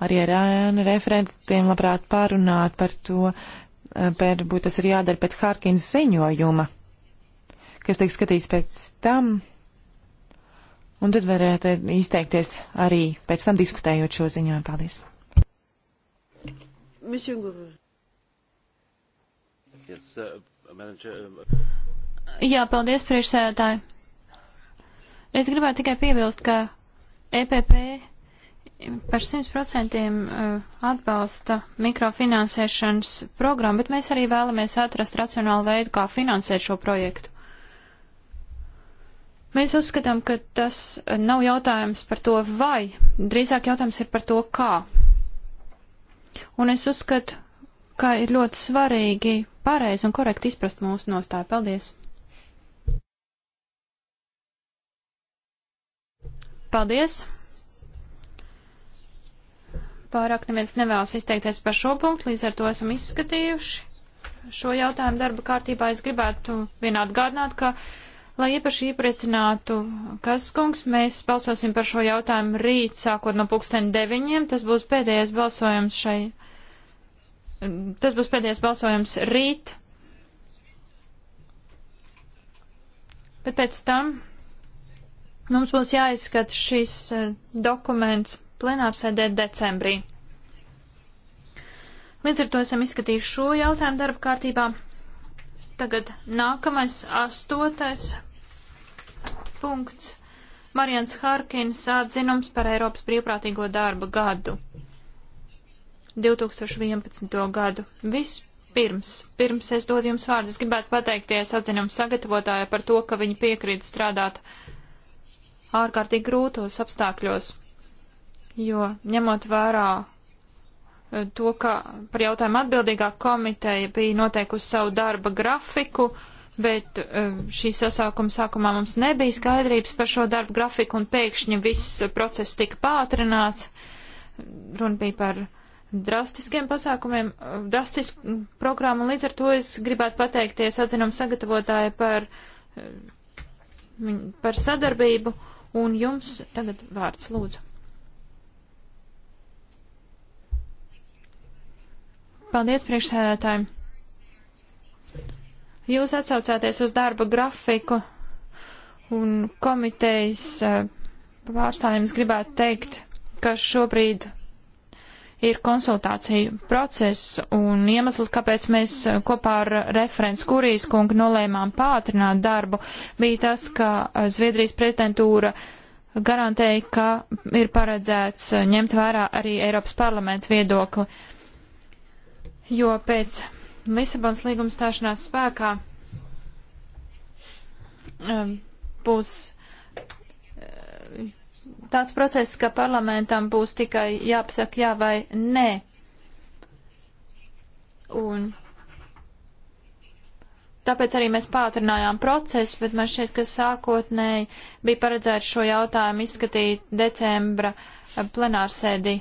Arī ar ēnu referentiem labprāt parunāt par to, Eh, Pērbūt tas ir jādara pēc Harkins ziņojuma, kas tiek skatīts pēc tam, un tad varētu izteikties arī pēc tam diskutējot šo ziņojumu. Paldies! Uh, um, Jā, paldies, priekšsēdētāji. Es gribētu tikai piebilst, ka EPP par 100% eh, atbalsta mikrofinansēšanas programmu, bet mēs arī vēlamies atrast racionālu veidu, kā finansēt šo projektu. Mēs uzskatām, ka tas nav jautājums par to vai, drīzāk jautājums ir par to kā. Un es uzskatu, ka ir ļoti svarīgi pareizi un korekti izprast mūsu nostāju. Paldies! Paldies! Pārāk neviens nevēlas izteikties par šo punktu, līdz ar to esam izskatījuši šo jautājumu darba kārtībā. Es gribētu vien atgādināt, ka, lai iepaši iepriecinātu Kaskungs, mēs balsosim par šo jautājumu rīt, sākot no pulksten deviņiem. Tas būs pēdējais balsojums šai. Tas būs pēdējais balsojums rīt. Bet pēc tam mums būs jāizskata šis eh, dokuments plenārsēdē decembrī. Līdz ar to esam izskatījuši šo jautājumu darba kārtībā. Tagad nākamais astotais punkts. Marians Harkins atzinums par Eiropas brīvprātīgo darba gadu. 2011. gadu. Vispirms, pirms es dodu jums vārdu, es gribētu pateikties atzinumu sagatavotāju par to, ka viņi piekrīt strādāt ārkārtīgi grūtos apstākļos jo ņemot vērā eh, to, ka par jautājumu atbildīgā komiteja bija noteikusi savu darba grafiku, bet eh, šī sasaukuma sākumā mums nebija skaidrības par šo darbu grafiku un pēkšņi viss process tika pātrināts. Runa bija par drastiskiem pasākumiem, eh, drastisku programmu, un līdz ar to es gribētu pateikties atzinumu sagatavotāju par, par sadarbību, un jums tagad vārds lūdzu. Paldies, priekšsēdētājiem! Jūs atsaucāties uz darba grafiku un komitejas eh, pārstāvjiem es gribētu teikt, ka šobrīd ir konsultāciju process un iemesls, kāpēc mēs eh, kopā ar referents Kurijas kungu nolēmām pātrināt darbu, bija tas, ka eh, Zviedrijas prezidentūra garantēja, ka ir paredzēts ņemt vērā arī Eiropas parlamenta viedokli. Uh, jo pēc Lisabons līguma stāšanās spēkā um, būs uh, tāds process, ka parlamentam būs tikai jāpasaka jā vai nē. Un tāpēc arī mēs pātrinājām procesu, bet man šķiet, ka sākotnēji bija paredzēts šo jautājumu izskatīt decembra plenārsēdī.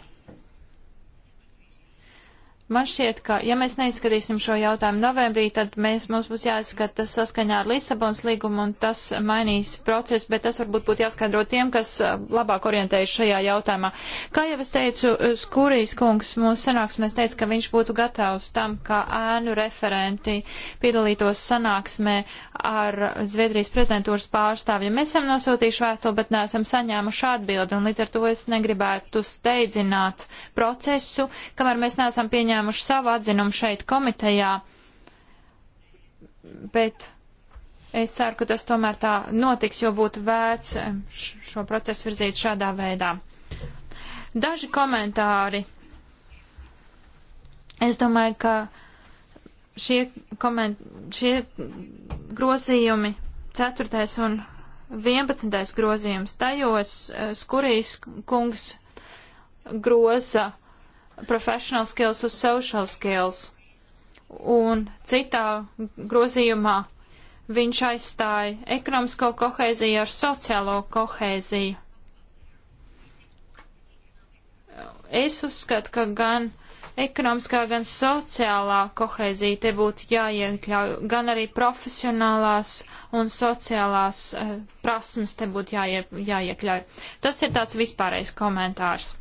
Man šķiet, ka ja mēs neizskatīsim šo jautājumu novembrī, tad mēs, mums būs jāizskata tas saskaņā ar Lisabons līgumu un tas mainīs procesu, bet tas varbūt būtu jāskaidro tiem, kas uh, labāk orientējuši šajā jautājumā. Kā jau es teicu, uh, Skurijas kungs mūsu sanāksmēs teica, ka viņš būtu gatavs tam, ka ēnu referenti piedalītos sanāksmē ar Zviedrijas prezidentūras pārstāvjiem. Mēs esam nosūtījuši vēstuli, bet neesam saņēmuši atbildi un līdz ar to es negribētu steidzināt procesu, kamēr mēs neesam pieņēmuši pieņēmuši savu atzinumu šeit komitejā, bet es ceru, ka tas tomēr tā notiks, jo būtu vērts eh, šo procesu virzīt šādā veidā. Daži komentāri. Es domāju, ka šie, koment, šie grozījumi 4. un 11. grozījums tajos eh, Skurijas kungs groza professional skills uz social skills. Un citā grozījumā viņš aizstāja ekonomisko kohēziju ar sociālo kohēziju. Es uzskatu, ka gan ekonomiskā, gan sociālā kohēzija te būtu jāiekļauj, gan arī profesionālās un sociālās uh, prasmes te būtu jāie, jāiekļauj. Tas ir tāds vispārējais komentārs.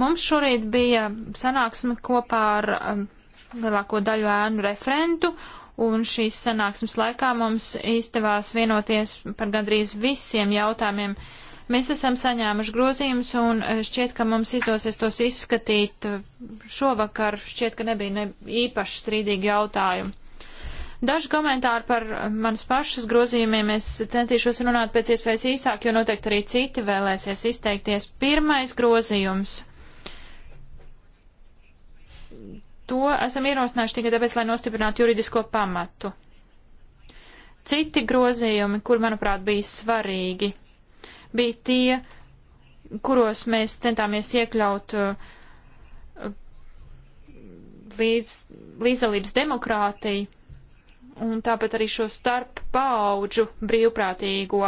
Mums šorīt bija sanāksme kopā ar um, lielāko daļu ēnu referentu, un šīs sanāksmes laikā mums izdevās vienoties par gandrīz visiem jautājumiem. Mēs esam saņēmuši grozījumus, un eh, šķiet, ka mums izdosies tos izskatīt eh, šovakar. Šķiet, ka nebija ne īpaši strīdīgi jautājumi. Daži komentāri par eh, manas pašas grozījumiem es centīšos runāt pēc iespējas īsāk, jo noteikti arī citi vēlēsies izteikties. Pirmais grozījums to esam ierosinājuši tikai tāpēc, lai nostiprinātu juridisko pamatu. Citi grozījumi, kur, manuprāt, bija svarīgi, bija tie, kuros mēs centāmies iekļaut uh, līdz, līdzdalības demokrātiju un tāpat arī šo starp paauģu brīvprātīgo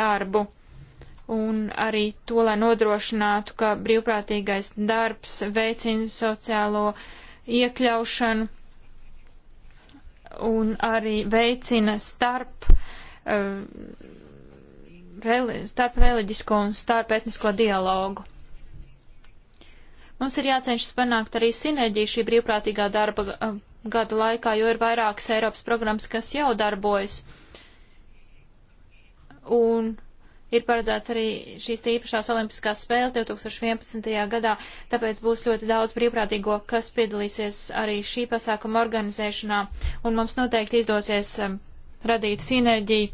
darbu un arī to, lai nodrošinātu, ka brīvprātīgais darbs veicina sociālo uh, iekļaušanu un arī veicina starp, eh, starp reliģisko un starp etnisko dialogu. Mums ir jācenšas panākt arī sinerģiju šī brīvprātīgā darba eh, gada laikā, jo ir vairākas Eiropas programmas, kas jau darbojas. Un ir paredzēts arī šīs īpašās olimpiskās spēles 2011. gadā, tāpēc būs ļoti daudz brīvprātīgo, kas piedalīsies arī šī pasākuma organizēšanā, un mums noteikti izdosies um, radīt sinerģiju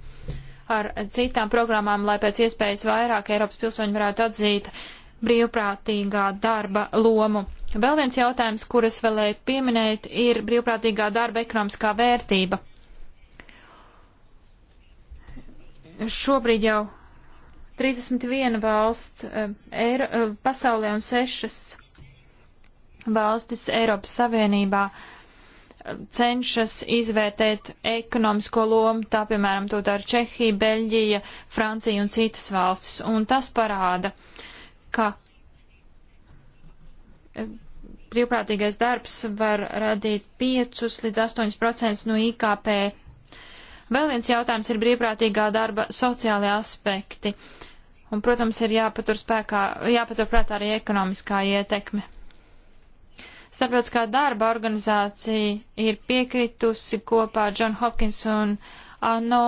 ar citām programmām, lai pēc iespējas vairāk Eiropas pilsoņi varētu atzīt brīvprātīgā darba lomu. Vēl viens jautājums, kuras vēlēju pieminēt, ir brīvprātīgā darba ekonomiskā vērtība. Šobrīd jau 31 valsts eh, Eiro, eh, pasaulē un 6 valstis Eiropas Savienībā eh, cenšas izvērtēt ekonomisko lomu, tā piemēram to dara Čehija, Beļģija, Francija un citas valstis. Un tas parāda, ka brīvprātīgais darbs var radīt 5 līdz 8% no IKP. Vēl viens jautājums ir brīvprātīgā darba sociālajie aspekti. Uh, Un, protams, ir jāpatur spēkā, jāpatur prātā arī ekonomiskā ietekme. Starptautiskā darba organizācija ir piekritusi kopā ar John Hopkins un ANO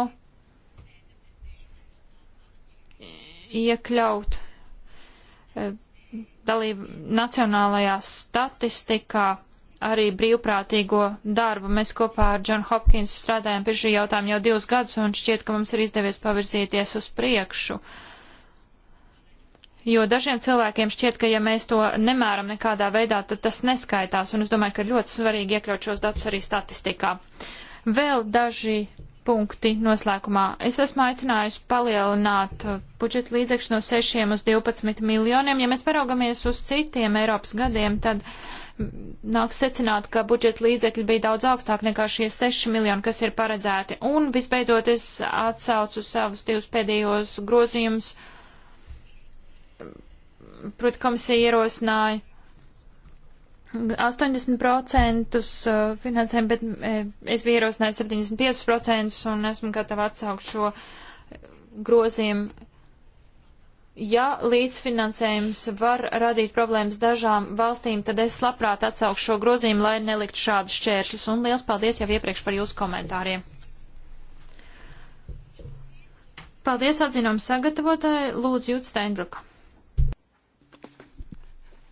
iekļaut eh, dalību nacionālajā statistikā arī brīvprātīgo darbu. Mēs kopā ar John Hopkins strādājam pie šī jautājuma jau divus gadus un šķiet, ka mums ir izdevies pavirzīties uz priekšu. Uh, Jo dažiem cilvēkiem šķiet, ka ja mēs to nemēram nekādā veidā, tad tas neskaitās, un es domāju, ka ļoti svarīgi iekļaut šos datus arī statistikā. Vēl daži punkti noslēgumā. Es esmu aicinājusi palielināt uh, budžeta līdzekļus no 6 uz 12 miljoniem. Ja mēs paraugamies uz citiem Eiropas gadiem, tad nāk secināt, ka budžeta līdzekļi bija daudz augstāk nekā šie 6 miljoni, kas ir paredzēti. Un visbeidzot, es atsaucu savus divus pēdējos grozījumus proti komisija ierosināja 80% uh, finansējumu, bet uh, es biju ierosinājusi 75% un esmu gatava atsaukt šo grozījumu. Ja līdzfinansējums var radīt problēmas dažām valstīm, tad es labprāt atsaukšu šo grozījumu, lai neliktu šādus šķēršļus. Un liels paldies jau iepriekš par jūsu komentāriem. Paldies atzinumu sagatavotāji, Lūdzu Jūta Steinbruka.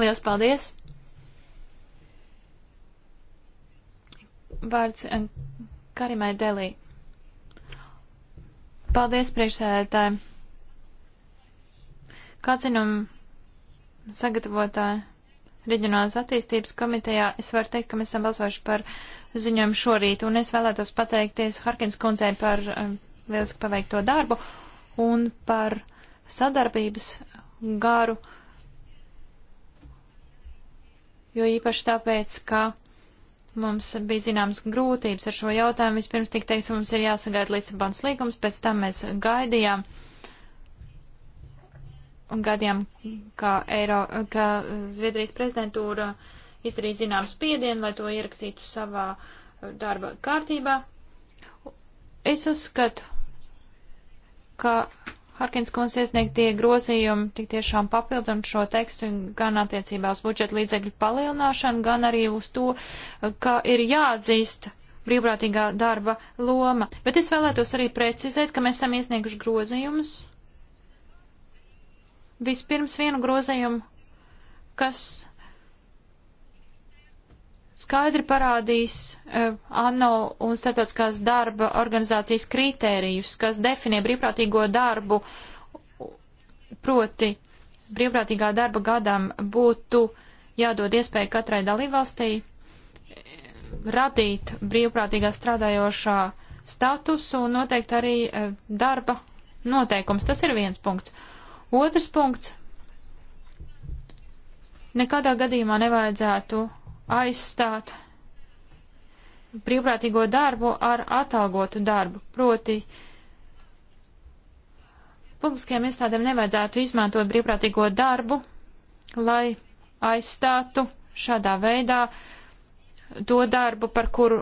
Lielas paldies! Vārds eh, Karimai Delī. Paldies, priekšsēdētāji! Kācinam sagatavotāji Reģionālās attīstības komitejā es varu teikt, ka mēs esam balsojuši par ziņojumu šorīt, un es vēlētos pateikties Harkins kundzei par um, lieliski paveikto darbu un par sadarbības garu, uh, jo īpaši tāpēc, ka mums bija zināmas grūtības ar šo jautājumu. Vispirms tika teikts, ka mums ir jāsagaida Lisabons līgums, pēc tam mēs gaidījām un gadījām, ka, Eiro, ka Zviedrijas prezidentūra izdarīja zināmu spiedienu, lai to ierakstītu savā darba kārtībā. Es uzskatu, ka Harkins kungs iesniegtie grozījumi tik tiešām papildina šo tekstu gan attiecībā uz budžeta līdzekļu palielināšanu, gan arī uz to, ka ir jāatzīst brīvprātīgā darba loma. Bet es vēlētos arī precizēt, ka mēs esam iesnieguši grozījumus. Vispirms vienu grozījumu, kas skaidri parādīs uh, ANO un starptautiskās darba organizācijas kritērijus, kas definē brīvprātīgo darbu, proti brīvprātīgā darba gadam būtu jādod iespēja katrai dalībvalstī eh, radīt brīvprātīgā strādājošā statusu un noteikti arī uh, darba noteikums. Tas ir viens punkts. Otrs punkts. Nekādā gadījumā nevajadzētu aizstāt brīvprātīgo darbu ar atalgotu darbu. Proti, publiskajām iestādēm nevajadzētu izmantot brīvprātīgo darbu, lai aizstātu šādā veidā to darbu, par kuru,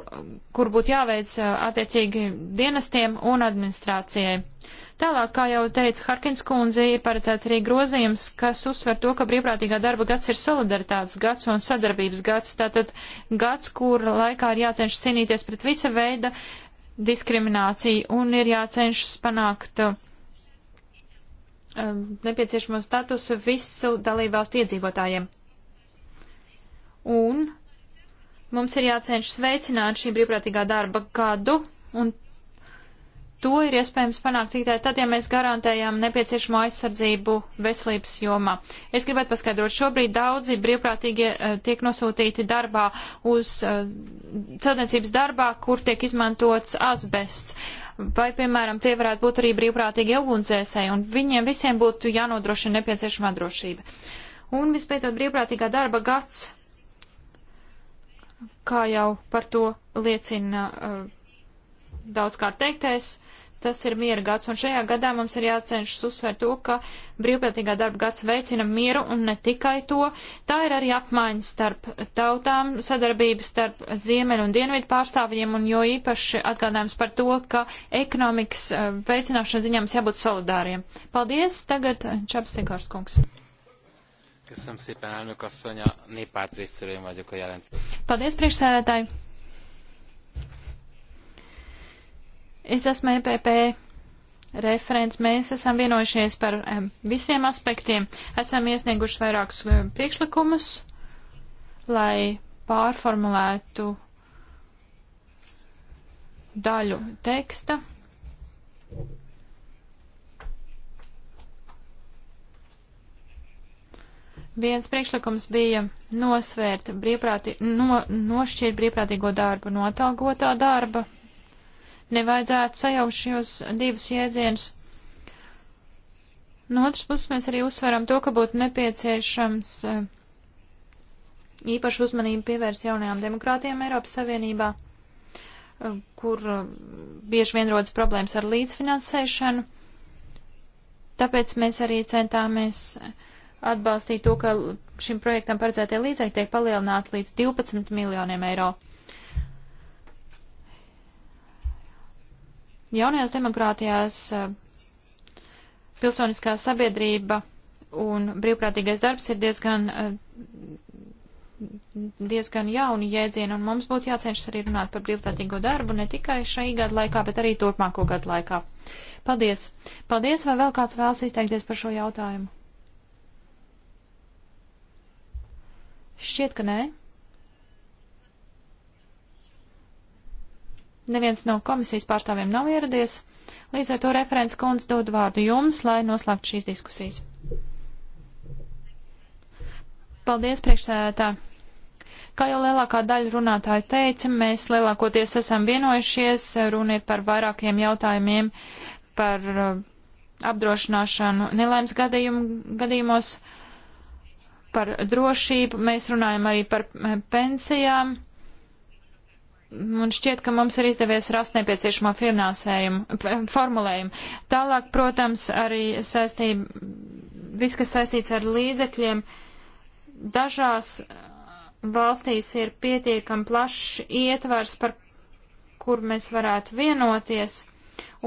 kur būtu jāveic attiecīgi dienestiem un administrācijai. Uh, Tālāk, kā jau teica Harkins kundze, ir paredzēts arī grozījums, kas uzsver to, ka brīvprātīgā darba gads ir solidaritātes gads un sadarbības gads. Tātad gads, kur laikā ir jācenšas cīnīties pret visa veida diskrimināciju un ir jācenšas panākt uh, nepieciešamo statusu visu dalībvalstu iedzīvotājiem. Un mums ir jācenšas veicināt šī brīvprātīgā darba gadu, un To ir iespējams panākt tikai tad, ja mēs garantējam nepieciešamo aizsardzību veselības jomā. Es gribētu paskaidrot, šobrīd daudzi brīvprātīgie eh, tiek nosūtīti darbā uz eh, celtniecības darbā, kur tiek izmantots asbests. Vai, piemēram, tie varētu būt arī brīvprātīgi ugunsdzēsēji, un viņiem visiem būtu jānodrošina nepieciešamā drošība. Un vispēcot brīvprātīgā darba gads, kā jau par to liecina uh, daudzkārt teiktais, uh, tas ir miera gads, un šajā gadā mums ir jācenšas uzsvērt to, ka brīvprātīgā darba gads veicina mieru un ne tikai to, tā ir arī apmaiņa starp tautām, sadarbība starp ziemeļu un dienvidu pārstāvjiem, un jo īpaši atgādājums par to, ka ekonomikas eh, veicināšana ziņā mums jābūt solidāriem. Paldies, tagad eh, Čaps Sikārs kungs. Köszönöm szépen, elnök asszony, a néppárt részéről én vagyok a jelentő. Paldies, priekšsēdētāji! Es esmu EPP referents. Mēs esam vienojušies par visiem aspektiem. Esam iesnieguši vairākus priekšlikumus, lai pārformulētu daļu teksta. Viens priekšlikums bija nosvērt brīvprātī, no, nošķirt brīvprātīgo darbu no atalgotā darba, nevajadzētu sajaukt šos divus jēdzienus. No otras puses, mēs arī uzsveram to, ka būtu nepieciešams eh, īpašu uzmanību pievērst jaunajām demokrātijām Eiropas Savienībā, eh, kur eh, bieži vien rodas problēmas ar līdzfinansēšanu. Tāpēc mēs arī centāmies atbalstīt to, ka šim projektam paredzētie līdzekļi tiek palielināti līdz 12 miljoniem eiro. Jaunajās demokrātijās eh, pilsoniskā sabiedrība un brīvprātīgais darbs ir diezgan, eh, diezgan jauni jēdzieni, un mums būtu jācenšas arī runāt par brīvprātīgo darbu ne tikai šī gada laikā, bet arī turpmāko gadu laikā. Paldies! Paldies, vai vēl kāds vēlas izteikties par šo jautājumu? Šķiet, ka nē. Neviens no komisijas pārstāvjiem nav ieradies. Līdz ar to referents kundze dod vārdu jums, lai noslēgtu šīs diskusijas. Paldies, priekšsēdētāji! Kā jau lielākā daļa runātāju teica, mēs lielākoties esam vienojušies, runa ir par vairākiem jautājumiem par uh, apdrošināšanu nelaimes gadījumos, par drošību, mēs runājam arī par uh, pensijām Man šķiet, ka mums ir izdevies rast nepieciešamo finansējumu, formulējumu. Tālāk, protams, arī saistība, viss, kas saistīts ar līdzekļiem, dažās valstīs ir pietiekam plašs ietvars, par kur mēs varētu vienoties,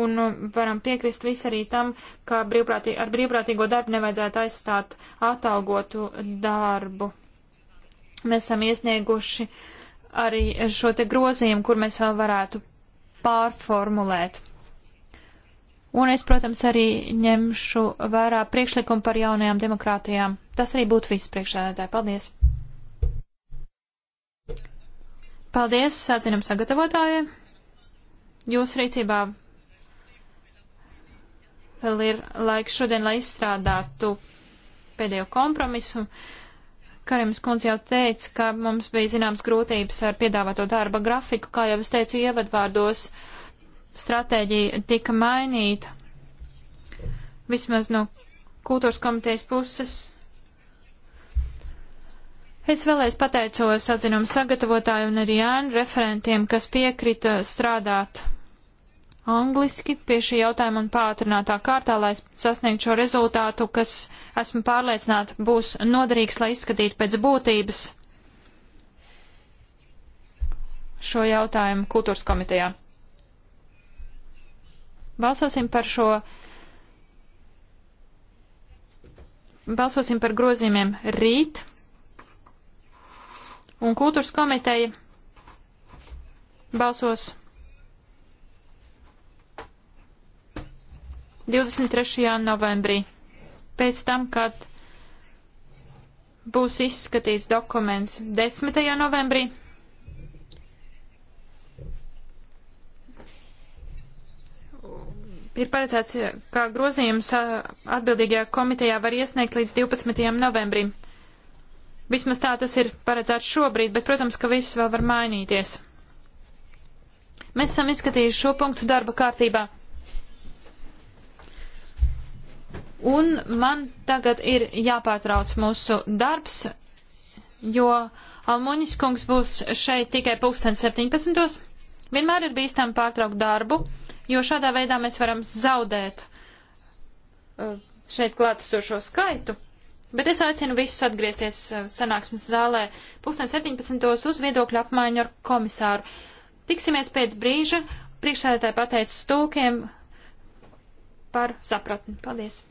un nu, varam piekrist vis arī tam, ka brīvprātī, ar brīvprātīgo darbu nevajadzētu aizstāt atalgotu darbu. Mēs esam iesnieguši uh, arī šo te grozījumu, kur mēs vēl varētu pārformulēt. Un es, protams, arī ņemšu vērā priekšlikumu par jaunajām demokrātijām. Tas arī būtu viss priekšsēdētāji. Paldies! Paldies sadzinam sagatavotājiem. Jūsu rīcībā vēl ir laiks šodien, lai izstrādātu pēdējo kompromisu. Karims kundze jau teica, ka mums bija zināmas grūtības ar piedāvāto darba grafiku, kā jau es teicu ievadvārdos, stratēģija tika mainīta. Vismaz no kultūras komitejas puses. Es vēlreiz pateicos atzinumu sagatavotāju un arī ēnu referentiem, kas piekrita strādāt angliski pie šī jautājuma un pātrinātā kārtā, lai sasniegtu šo rezultātu, kas, esmu pārliecināta, būs noderīgs, lai izskatītu pēc būtības šo jautājumu kultūras komitejā. Balsosim par šo. Balsosim par grozījumiem rīt. Un kultūras komiteja balsos 23. novembrī, pēc tam, kad būs izskatīts dokuments 10. novembrī. Ir paredzēts, ka grozījums atbildīgajā komitejā var iesniegt līdz 12. novembrim. Vismaz tā tas ir paredzēts šobrīd, bet, protams, ka viss vēl var mainīties. Mēs esam izskatījuši šo punktu darba kārtībā. Un man tagad ir jāpārtrauc mūsu darbs, jo Almuņas kungs būs šeit tikai pulksten 17. Vienmēr ir bīstam pārtraukt darbu, jo šādā veidā mēs varam zaudēt uh, šeit klātesošo skaitu. Bet es aicinu visus atgriezties uh, sanāksmes zālē pulksten 17. uz viedokļu apmaiņu ar komisāru. Tiksimies pēc brīža. Priekšsēdētāji pateica stūkiem par sapratni. Paldies!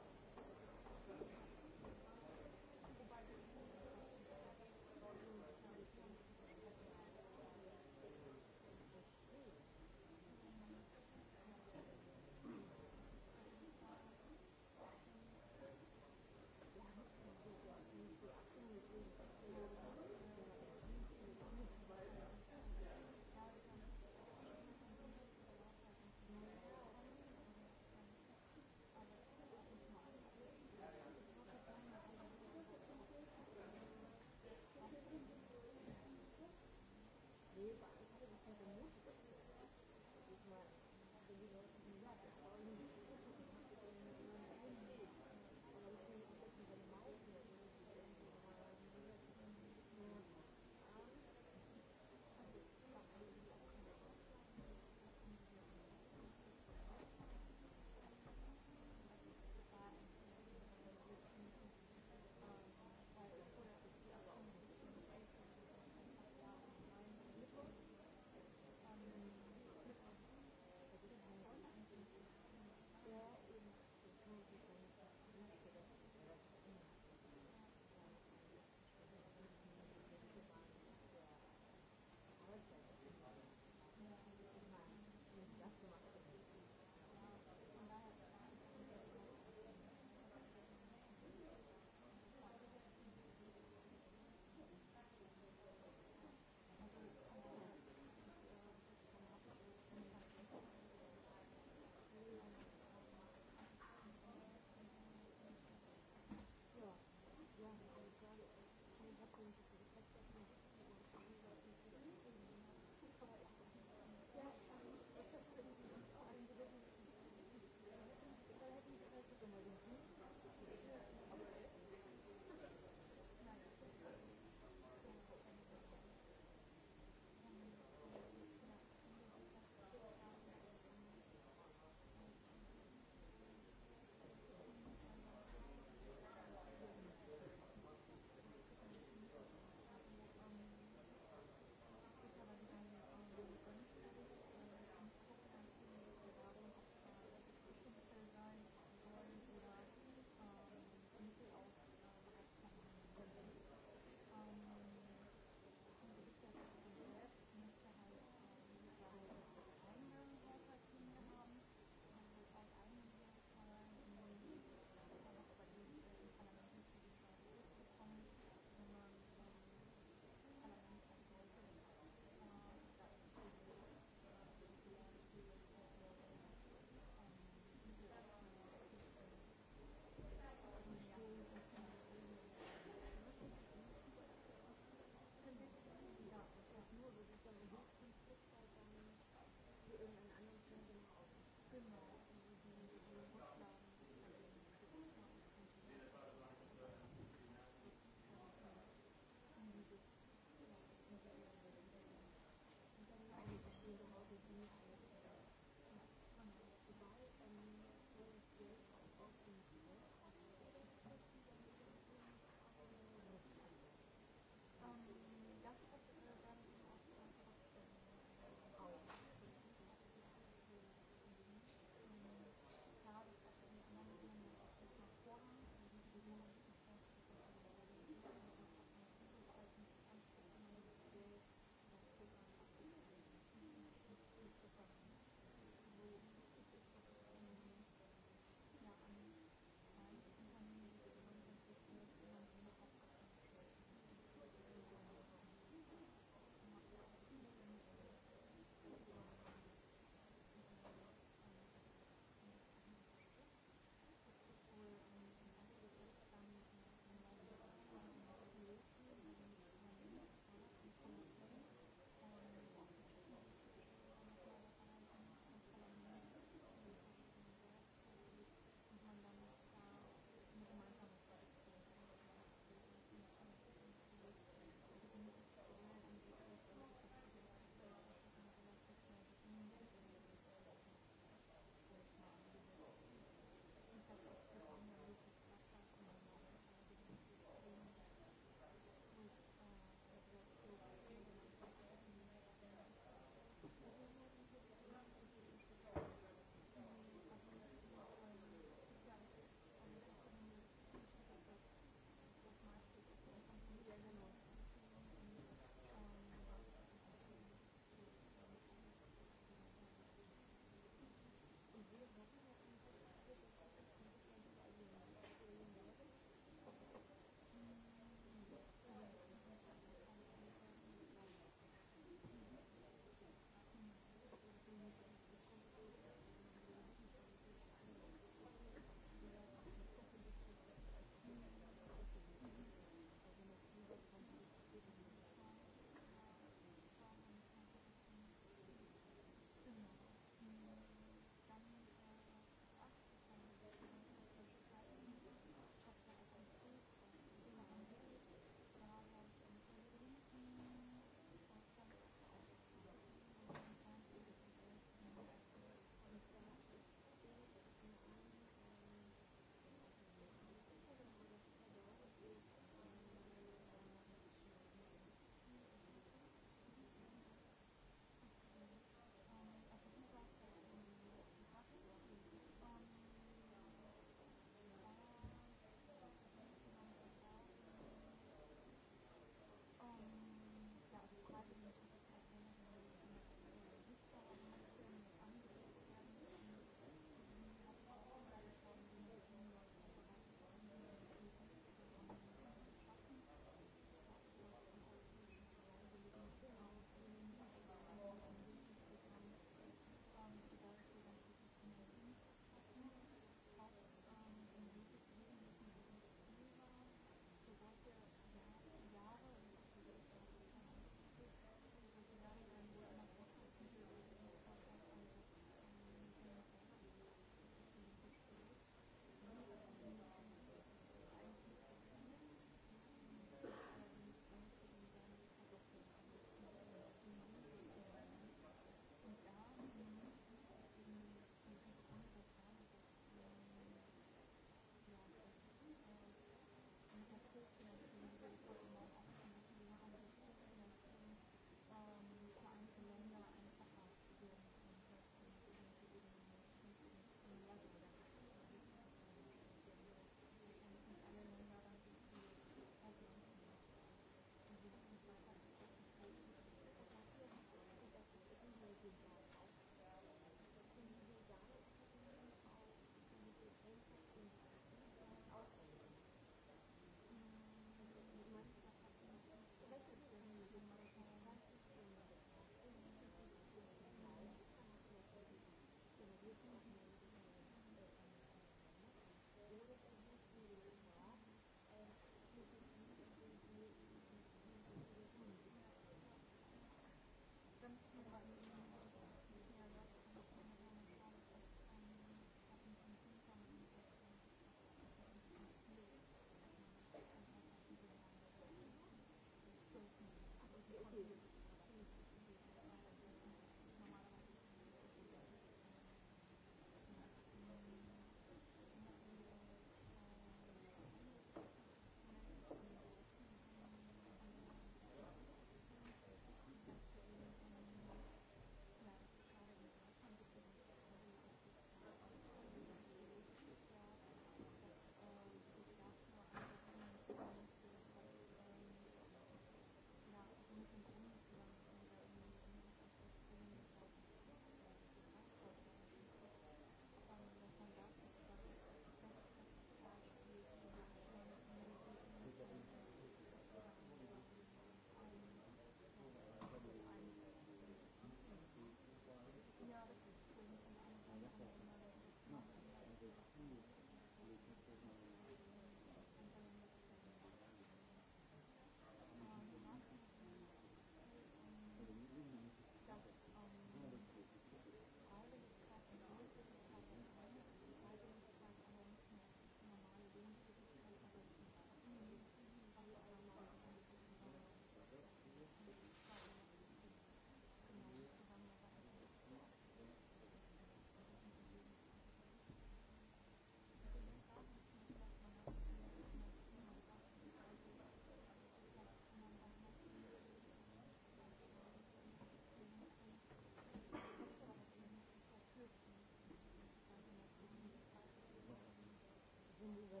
Mm.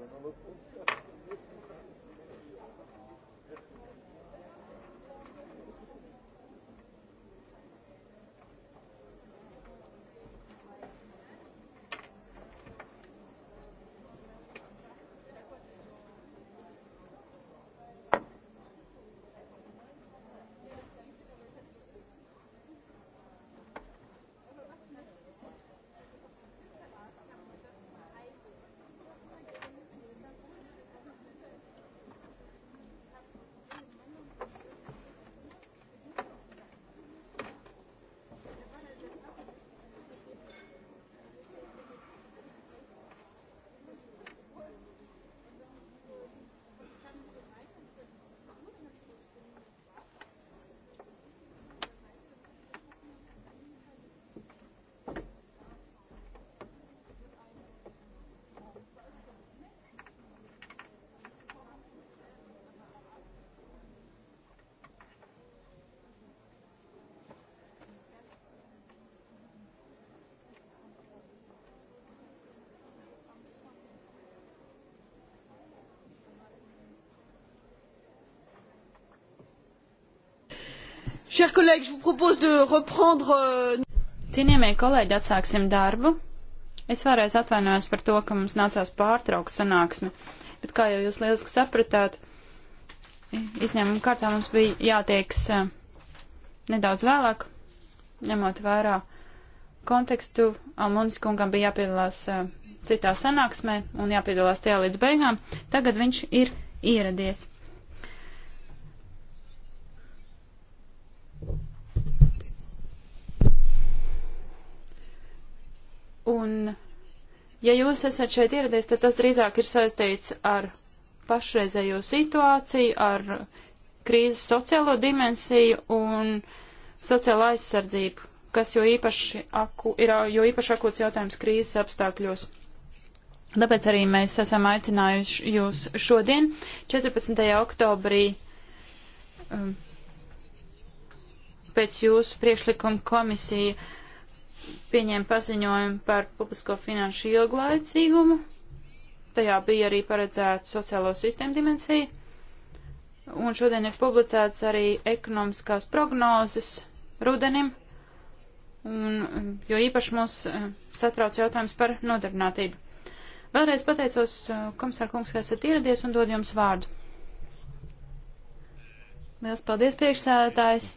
Wenn man was Chers collègues, je vous propose de reprendre. Euh, Cienījamie kolēģi, atsāksim darbu. Es vēlreiz atvainojos par to, ka mums nācās pārtraukt sanāksmi, bet kā jau jūs lieliski sapratāt, izņēmuma kārtā mums bija jātieks eh, nedaudz vēlāk, ņemot vērā kontekstu. Almonis kungam bija jāpiedalās eh, citā sanāksmē un jāpiedalās tajā līdz beigām. Tagad viņš ir ieradies. Ja jūs esat šeit ieradies, tad tas drīzāk ir saistīts ar pašreizējo situāciju, ar krīzes sociālo dimensiju un sociālo aizsardzību, kas jo īpaši, aku, ir jo īpaši akūts jautājums krīzes apstākļos. Tāpēc arī mēs esam aicinājuši jūs šodien, 14. oktobrī, um, pēc jūsu priekšlikuma komisija pieņēma paziņojumu par publisko finanšu ilglaicīgumu. Tajā bija arī paredzēta sociālo sistēmu dimensija. Un šodien ir publicēts arī ekonomiskās prognozes rudenim. Un, jo īpaši mūs eh, satrauc jautājums par nodarbinātību. Vēlreiz pateicos eh, komisāra kungs, ka esat ieradies un dod jums vārdu. Liels paldies, priekšsēdētājs!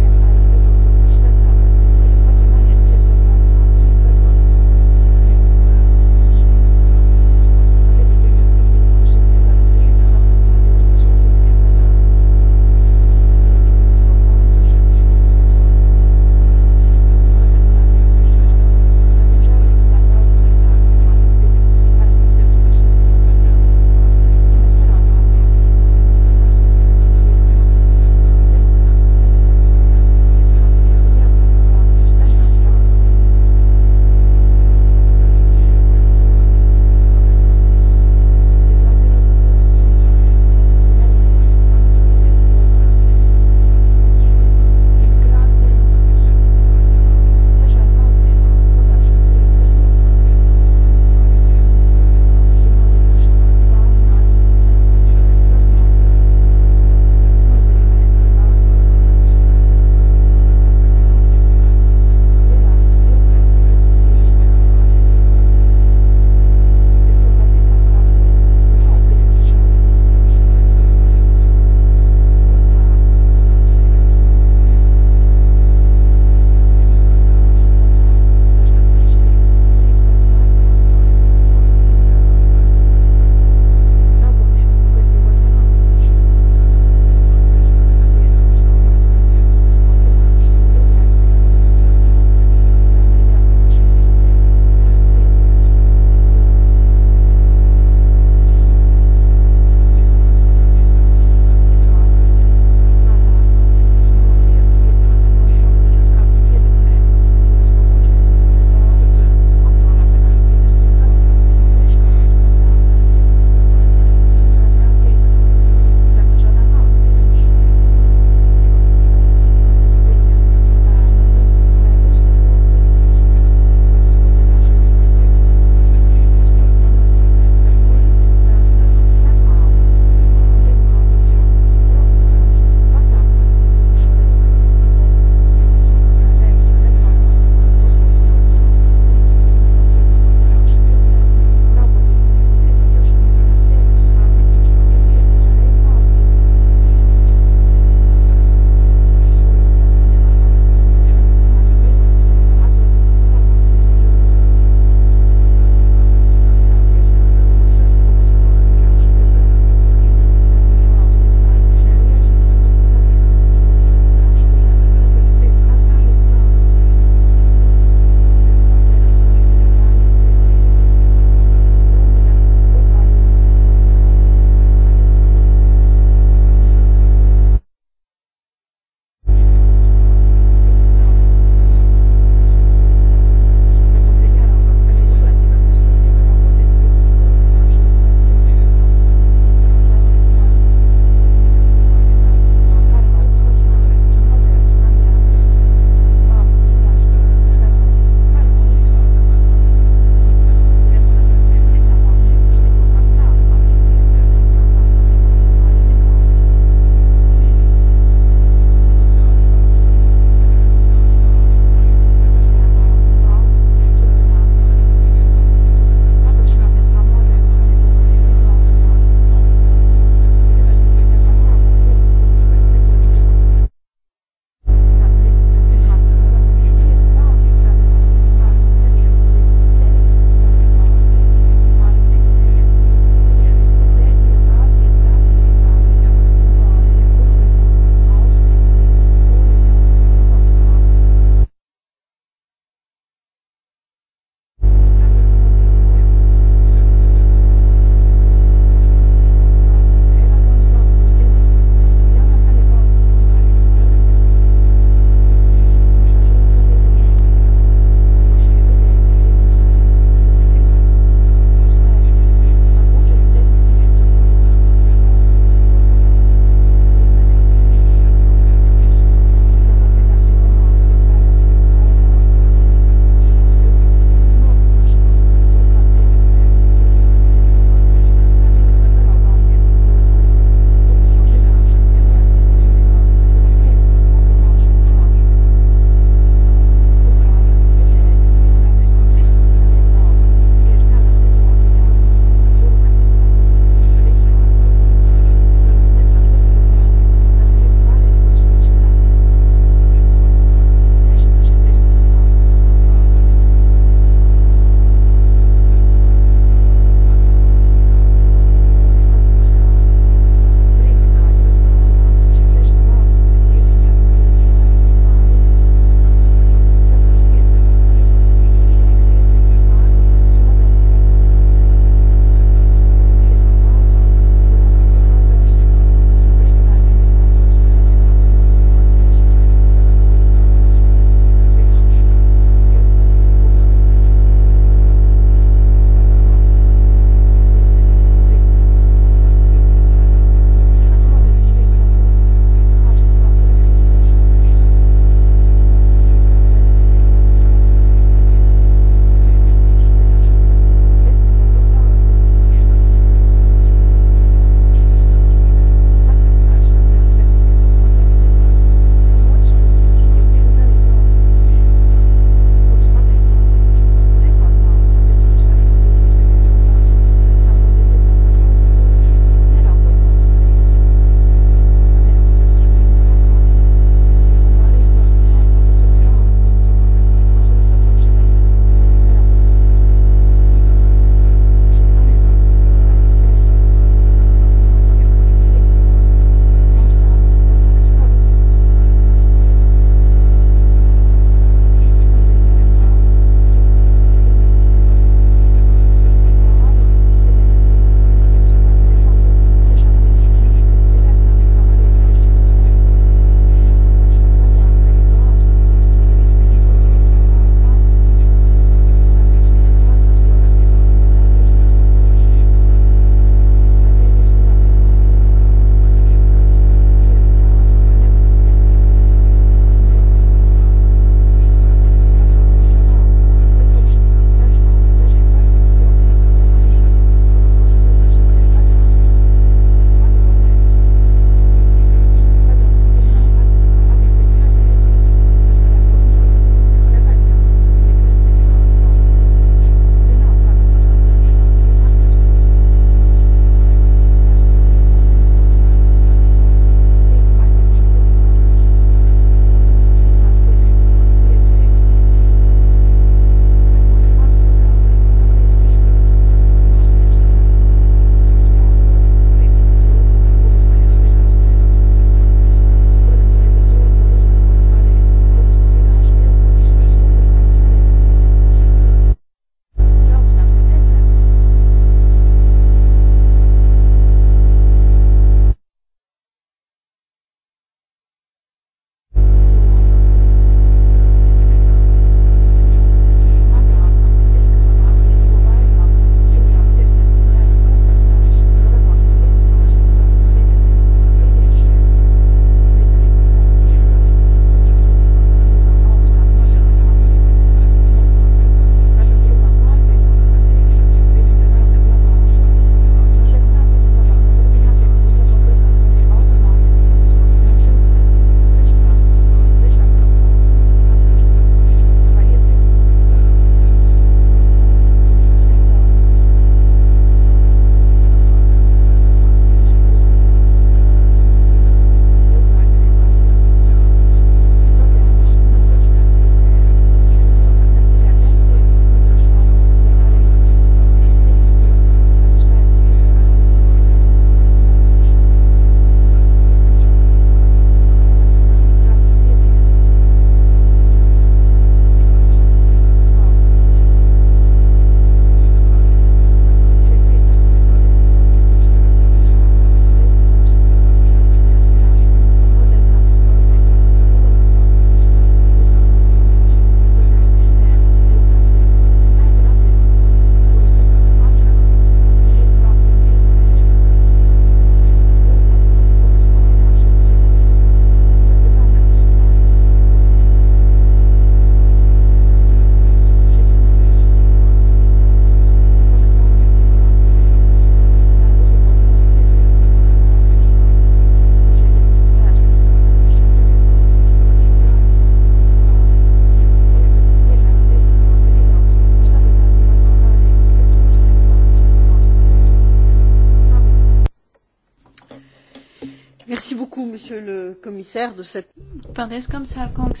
monsieur le commissaire, de cette. Paldies, komisār kungs,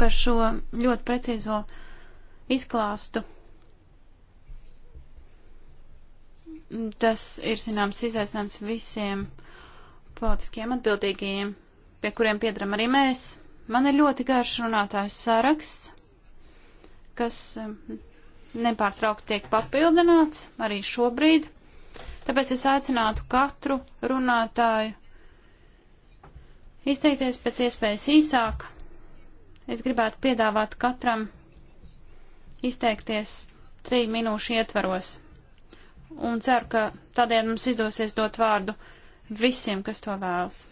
par šo ļoti precīzo izklāstu. Tas ir zināms izaicinājums visiem politiskiem atbildīgajiem, pie kuriem piedaram arī mēs. Man ir ļoti garš runātājs saraksts, kas um, nepārtraukti tiek papildināts arī šobrīd. Tāpēc es aicinātu katru runātāju izteikties pēc iespējas īsāk. Es gribētu piedāvāt katram izteikties trīs minūšu ietvaros. Un ceru, ka tādēļ mums izdosies dot vārdu visiem, kas to vēlas.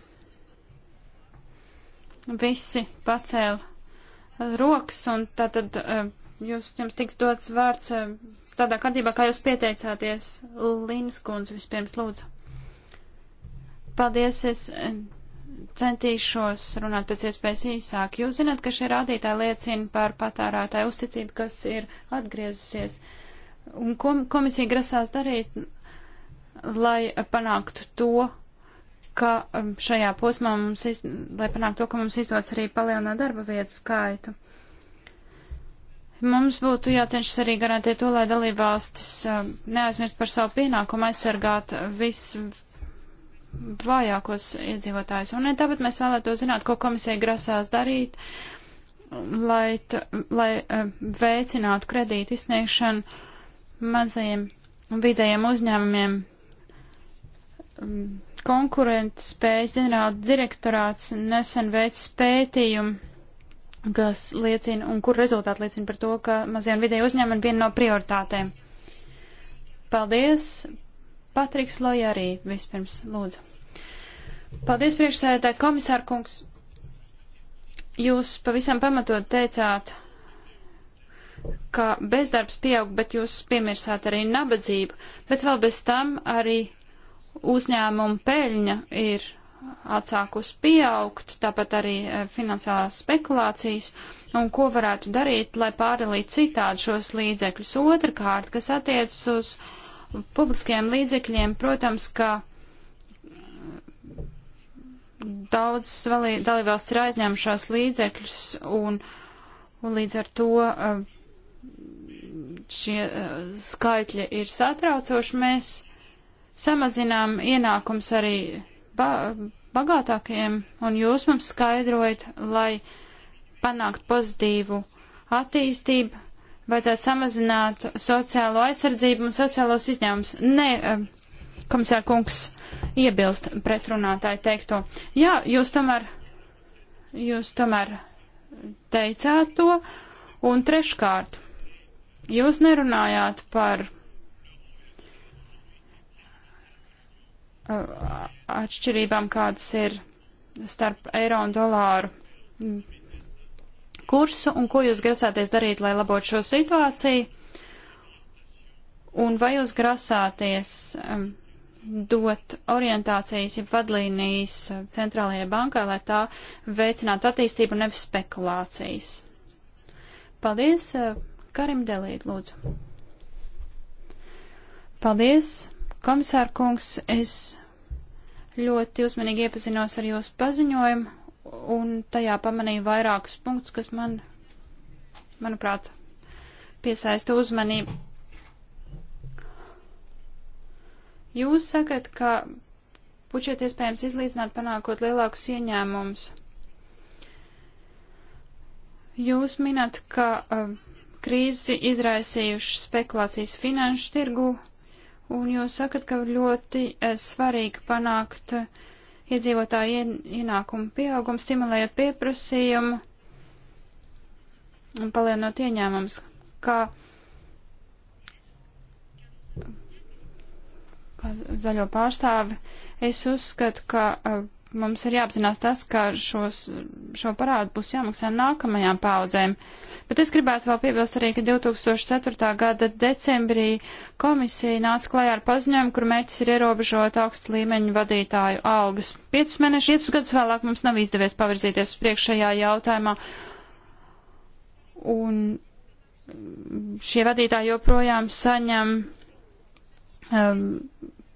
Visi pacēla rokas, un tātad eh, jūs, jums tiks dots vārds eh, tādā kārtībā, kā jūs pieteicāties. Līnas kundze vispirms lūdzu. Paldies, es eh, centīšos runāt pēc iespējas īsāk. Jūs zināt, ka šie rādītāji liecina par patērētāju uzticību, kas ir atgriezusies. Un ko komisija grasās darīt, lai panāktu to, ka um, šajā posmā mums, iz, lai panāktu to, ka mums izdodas arī palielināt darba vietu skaitu. Mums būtu jācenšas arī garantēt to, lai dalībvalstis um, neaizmirst par savu pienākumu aizsargāt visus vājākos iedzīvotājus. Un eh, tāpat mēs vēlētos zināt, ko komisija grasās darīt, lai, t, lai eh, veicinātu kredītu izsniegšanu mazajiem un vidējiem uzņēmumiem. Mm, Konkurenta spējas ģenerāla direktorāts nesen veic pētījumu kas liecina un kur rezultāti liecina par to, ka mazie un vidēji uzņēmumi ir viena no prioritātēm. Paldies! Patriks Loj arī vispirms lūdzu. Paldies, priekšsēdētāji komisārkungs. Jūs pavisam pamatot teicāt, ka bezdarbs pieaug, bet jūs piemirsāt arī nabadzību, bet vēl bez tam arī uzņēmuma peļņa ir atsākus pieaugt, tāpat arī eh, finansiālās spekulācijas, un ko varētu darīt, lai pārdalītu citādi šos līdzekļus. Otrakārt, kas attiecas uz publiskiem līdzekļiem, protams, ka daudz dalībvalsts ir aizņēmušās līdzekļus un, un līdz ar to uh, šie uh, skaitļi ir satraucoši. Mēs samazinām ienākums arī ba bagātākajiem un jūs mums skaidrojat, lai panākt pozitīvu attīstību, vajadzētu samazināt sociālo aizsardzību un sociālos izņēmumus. Nē, uh, komisār kungs, iebilst pretrunātāju teikto. Jā, jūs tomēr, jūs tomēr teicāt to, un treškārt, jūs nerunājāt par uh, atšķirībām, kādas ir starp eiro un dolāru kursu, un ko jūs grasāties darīt, lai labotu šo situāciju, un vai jūs grasāties um, dot orientācijas, ja vadlīnijas centrālajai bankai, lai tā veicinātu attīstību, nevis spekulācijas. Paldies, eh, Karim Delīt, lūdzu. Paldies, komisār kungs, es ļoti uzmanīgi iepazinos ar jūsu paziņojumu un tajā pamanīju vairākus punktus, kas man, manuprāt, piesaista uzmanību Jūs sakat, ka budžetu iespējams izlīdzināt panākot lielākus ieņēmumus. Jūs minat, ka uh, krīzi izraisījuši spekulācijas finanšu tirgu, un jūs sakat, ka ļoti uh, svarīgi panākt uh, iedzīvotāju ien, ienākumu pieaugumu, stimulējot pieprasījumu un palielinot ieņēmumus, kā uh, kā zaļo pārstāvi, es uzskatu, ka uh, mums ir jāapzinās tas, ka šos, šo parādu būs jāmaksā nākamajām paudzēm. Bet es gribētu vēl piebilst arī, ka 2004. gada decembrī komisija nāca klajā ar paziņojumu, kur mērķis ir ierobežot augstu līmeņu vadītāju algas. Piecus mēnešus, piecus gadus vēlāk mums nav izdevies pavirzīties uz priekšējā jautājumā. Un šie vadītāji joprojām saņem Ehm,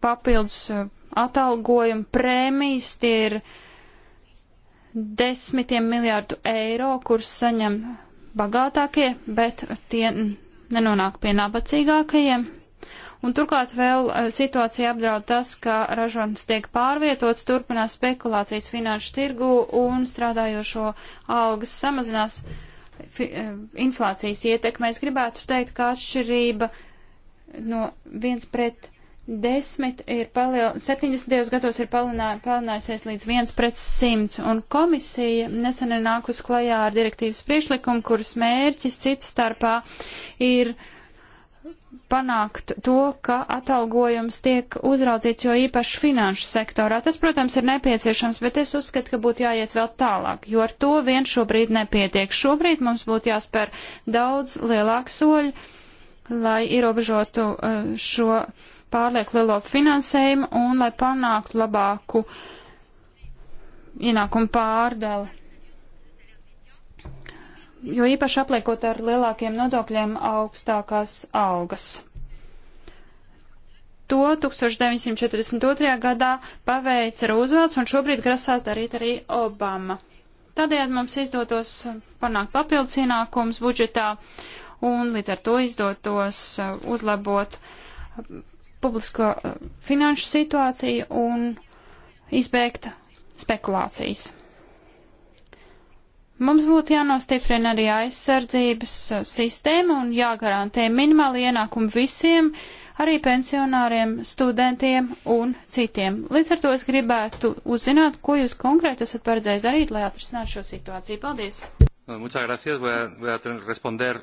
papildus eh, atalgojuma prēmijas, tie ir desmitiem miljārdu eiro, kurus saņem bagātākie, bet tie nenonāk pie nabadzīgākajiem. Un turklāt vēl eh, situācija apdraud tas, ka ražotnes tiek pārvietots, turpinās spekulācijas finanšu tirgu un strādājošo algas samazinās eh, inflācijas ietekmē. Es gribētu teikt, ka atšķirība uh, no 1 pret 10 ir paliel... 70. gados ir palielinājusies līdz 1 pret 100, un komisija nesen ir nākus klajā ar direktīvas priešlikumu, kuras mērķis cits starpā ir panākt to, ka atalgojums tiek uzraudzīts jo īpaši finanšu sektorā. Tas, protams, ir nepieciešams, bet es uzskatu, ka būtu jāiet vēl tālāk, jo ar to vien šobrīd nepietiek. Šobrīd mums būtu jāspēr daudz lielāku soļu lai ierobežotu eh, šo pārlieku lielo finansējumu un lai panāktu labāku ienākumu pārdali. Jo īpaši apliekot ar lielākiem nodokļiem augstākās algas. To 1942. gadā paveica Rūzvelts un šobrīd grasās darīt arī Obama. Tādējādi mums izdotos panākt papildus ienākums budžetā. Uh, un līdz ar to izdotos uh, uzlabot uh, publisko uh, finanšu situāciju un izbēgt spekulācijas. Mums būtu jānostiprina arī aizsardzības sistēma un jāgarantē minimāli ienākumi visiem, arī pensionāriem, studentiem un citiem. Līdz ar to es gribētu uzzināt, ko jūs konkrēti esat paredzējis darīt, lai atrisinātu šo situāciju. Paldies! Muchas gracias. Voy a, voy a responder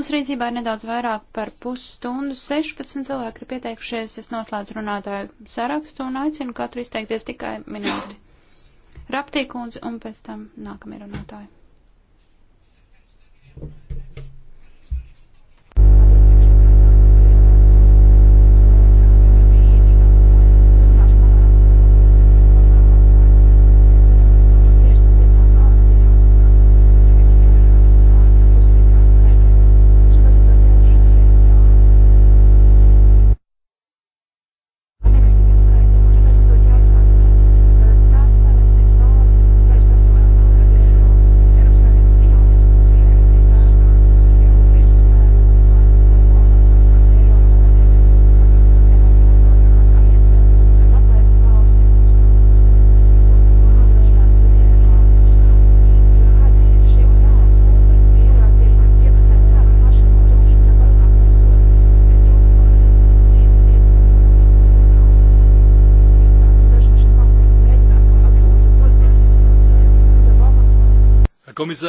Mūsu rīcībā ir nedaudz vairāk par pusstundu. 16 cilvēki ir pieteikušies. Es noslēdzu runātāju sarakstu un aicinu katru izteikties tikai minūti. Raptīkundze un pēc tam nākamie runātāji.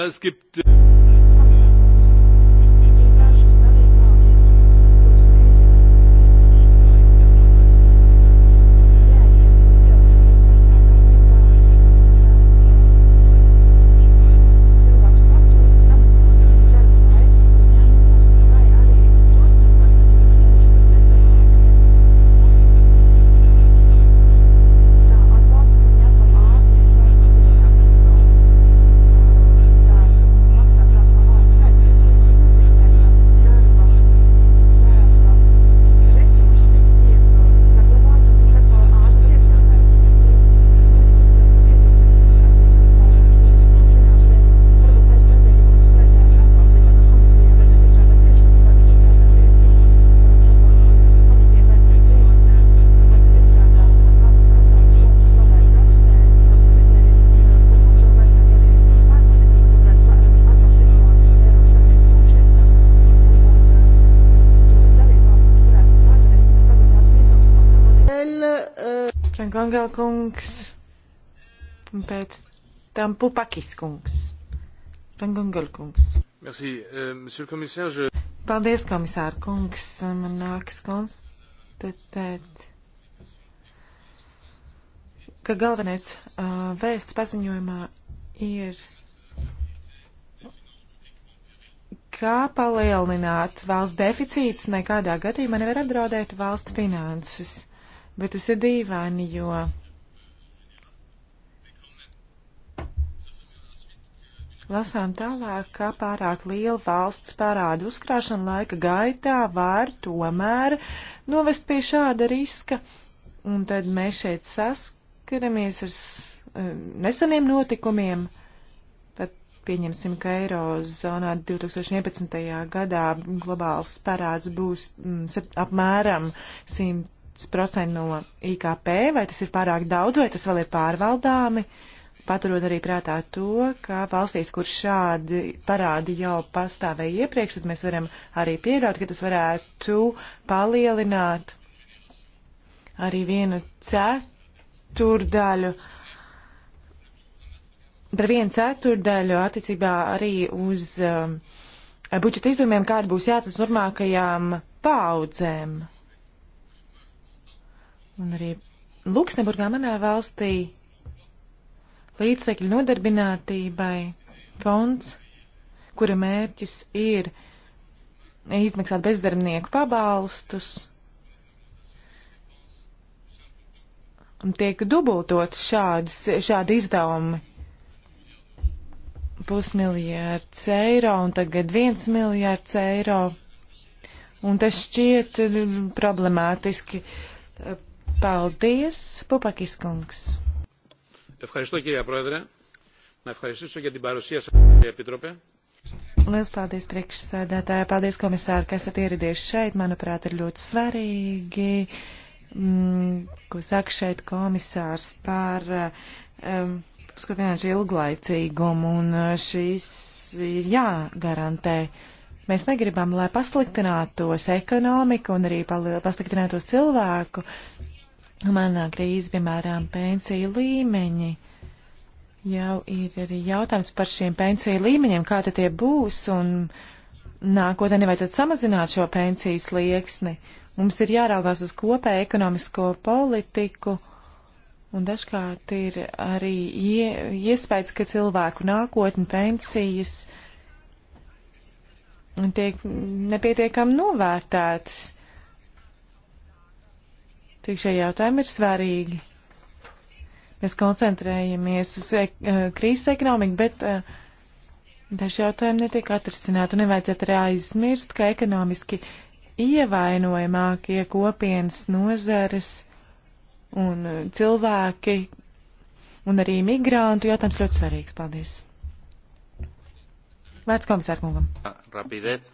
es gibt Pangongalkungs un pēc tam Pupakis kungs. Pangongalkungs. Merci, uh, monsieur le commissaire. Je... Paldies, komisāra kungs. Man nākas konstatēt, ka galvenais uh, vēsts paziņojumā ir, kā palielināt valsts deficīts nekādā gadījumā nevar apdraudēt valsts finanses. Bet tas ir dīvaini, jo. Lasām tālāk, ka pārāk liela valsts parādu uzkrāšana laika gaitā var tomēr novest pie šāda riska, un tad mēs šeit saskaramies ar eh, neseniem notikumiem. Pat pieņemsim, ka Eirozonā 2011. gadā globāls parāds būs mm, apmēram 100 1% no IKP, vai tas ir pārāk daudz, vai tas vēl ir pārvaldāmi, paturot arī prātā to, ka valstīs, kur šādi parādi jau pastāvēja iepriekš, tad mēs varam arī pieļaut, ka tas varētu palielināt arī vienu ceturdaļu par vienu ceturdaļu attiecībā arī uz um, budžeta izdevumiem, kāda būs jātas normākajām paudzēm. Un arī Luksemburgā manā valstī līdzekļu nodarbinātībai fonds, kura mērķis ir izmaksāt bezdarbnieku pabalstus, tiek dubultots šādas, šādi izdevumi. Pusmiljārds eiro un tagad viens miljārds eiro. Un tas šķiet mm, problemātiski Paldies, Pupakis kungs. Ευχαριστώ κύριε Πρόεδρε. Να ευχαριστήσω για την παρουσία σας, κύριε Επίτροπε. Liels paldies priekšsēdētāji, paldies komisāri, ka esat ieradies šeit. Manuprāt, ir ļoti svarīgi, mm, ko saka šeit komisārs par um, finanšu ilglaicīgumu un eh, šīs jāgarantē. Mēs negribam, lai pasliktinātos ekonomika un arī pasliktinātos cilvēku Manā krīze, piemēram, pensiju līmeņi, jau ir arī jautājums par šiem pensiju līmeņiem, kā tad tie būs, un nākotnē nevajadzētu samazināt šo pensiju slieksni. Mums ir jāraugās uz kopēju ekonomisko politiku, un dažkārt ir arī ie, iespējas, ka cilvēku nākotni pensijas tiek nepietiekam novērtētas Tik šie jautājumi ir svarīgi. Mēs koncentrējamies uz e, e krīzes ekonomiku, bet e, daži jautājumi netiek atrisināti. Nevajadzētu arī aizmirst, ka ekonomiski ievainojamākie kopienas nozares un e, cilvēki un arī migrantu jautājums ļoti svarīgs. Paldies! Vērts komisārkungam. Rapidez.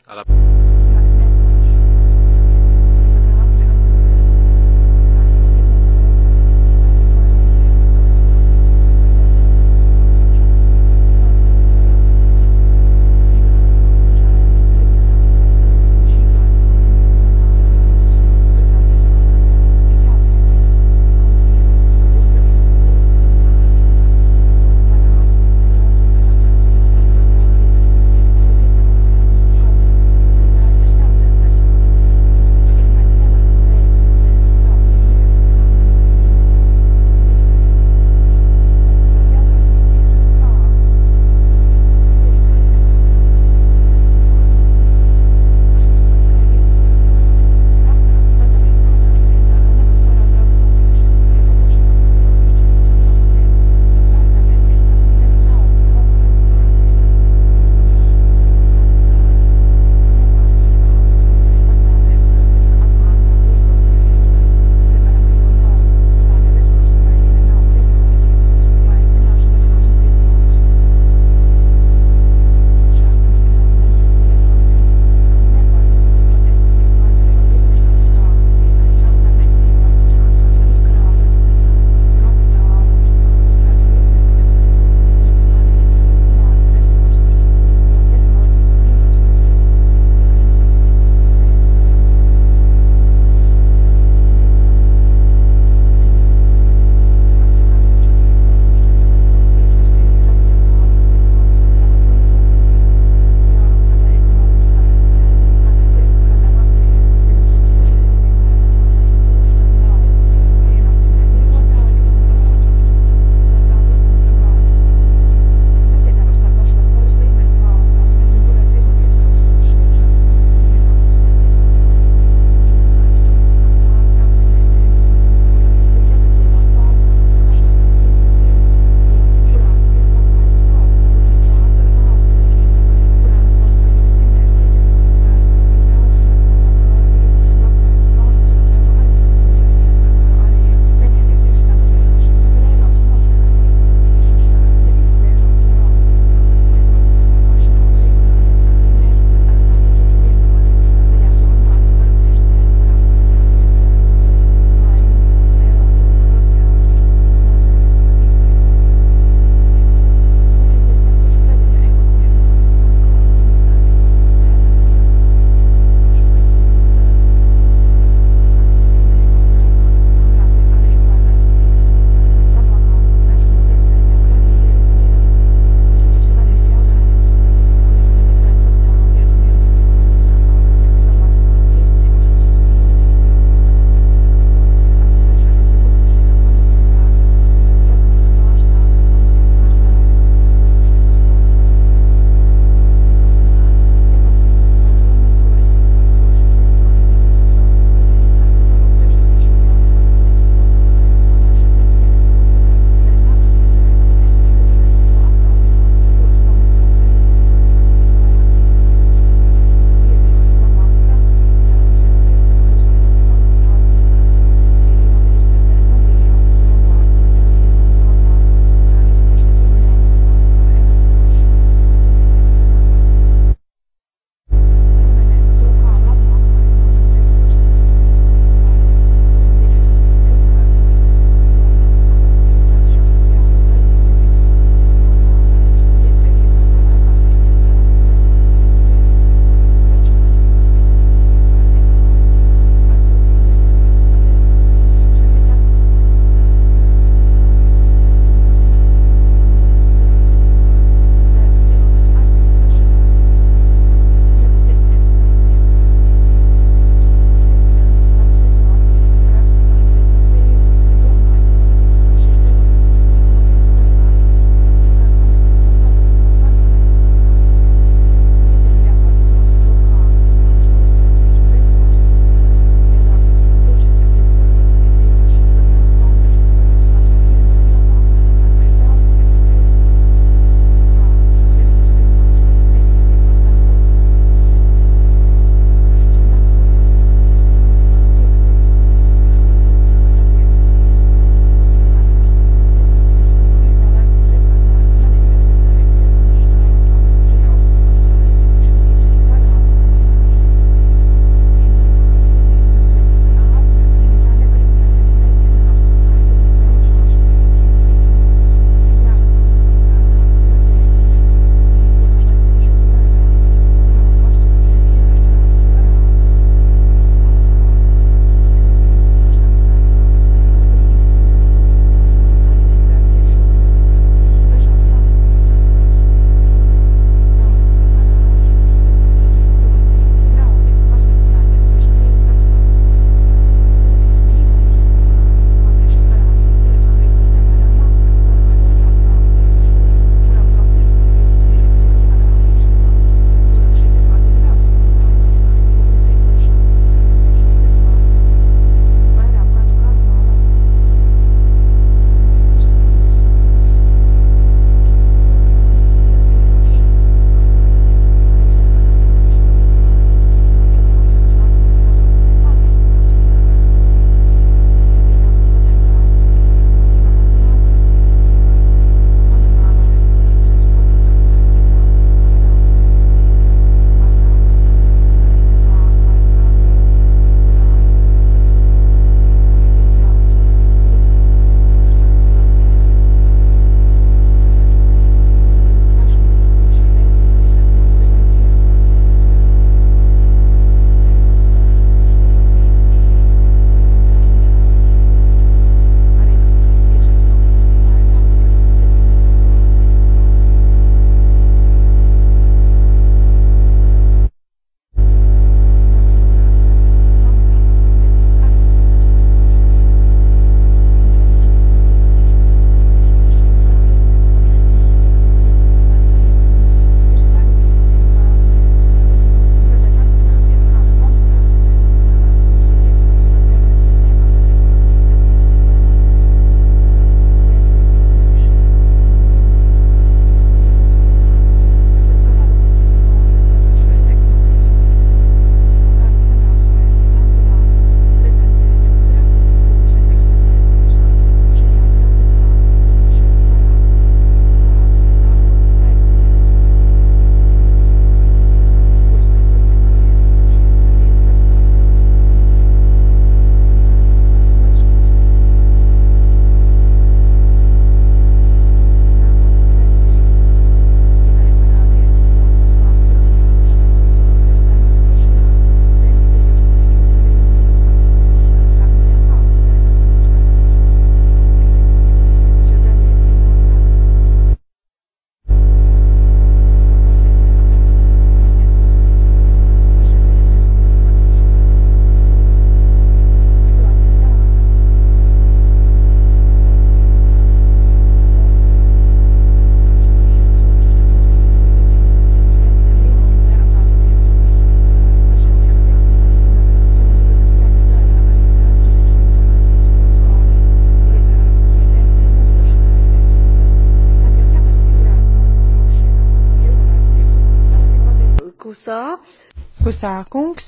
sākungs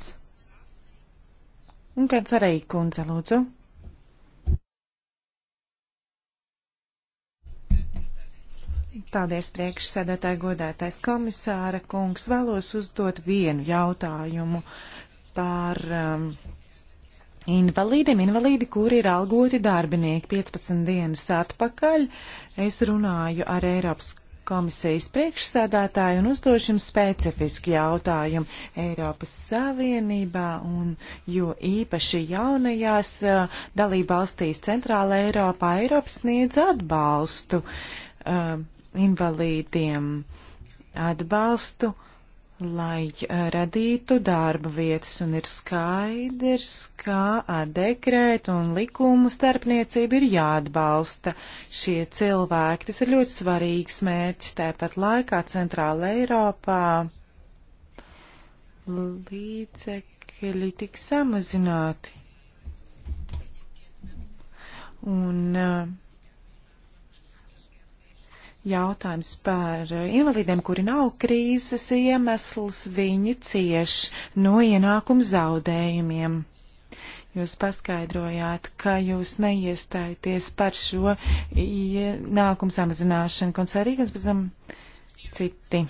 un kāds arī kundze, lūdzu. Paldies, priekšsēdētāji, godētais komisāra kungs. Vēlos uzdot vienu jautājumu par um, invalīdiem. Invalīdi, kuri ir algoti darbinieki 15 dienas atpakaļ, es runāju ar Eiropas komisijas priekšsādātāju un uzdošu jums specifisku jautājumu Eiropas Savienībā un jo īpaši jaunajās uh, dalībvalstīs Centrāla Eiropā Eiropas sniedz atbalstu uh, invalīdiem, atbalstu uh, lai eh, radītu darba vietas, un ir skaidrs, ka ar dekrētu un likumu starpniecību ir jāatbalsta šie cilvēki. Tas ir ļoti svarīgs mērķis, tāpat laikā Centrāla Eiropā līdzekļi tik samazināti. Un uh, Jautājums par invalīdiem, kuri nav krīzes iemesls, viņi cieš no ienākumu zaudējumiem. Jūs paskaidrojāt, ka jūs neiestājaties par šo ienākumu samazināšanu, koncerīgums pēc tam citi.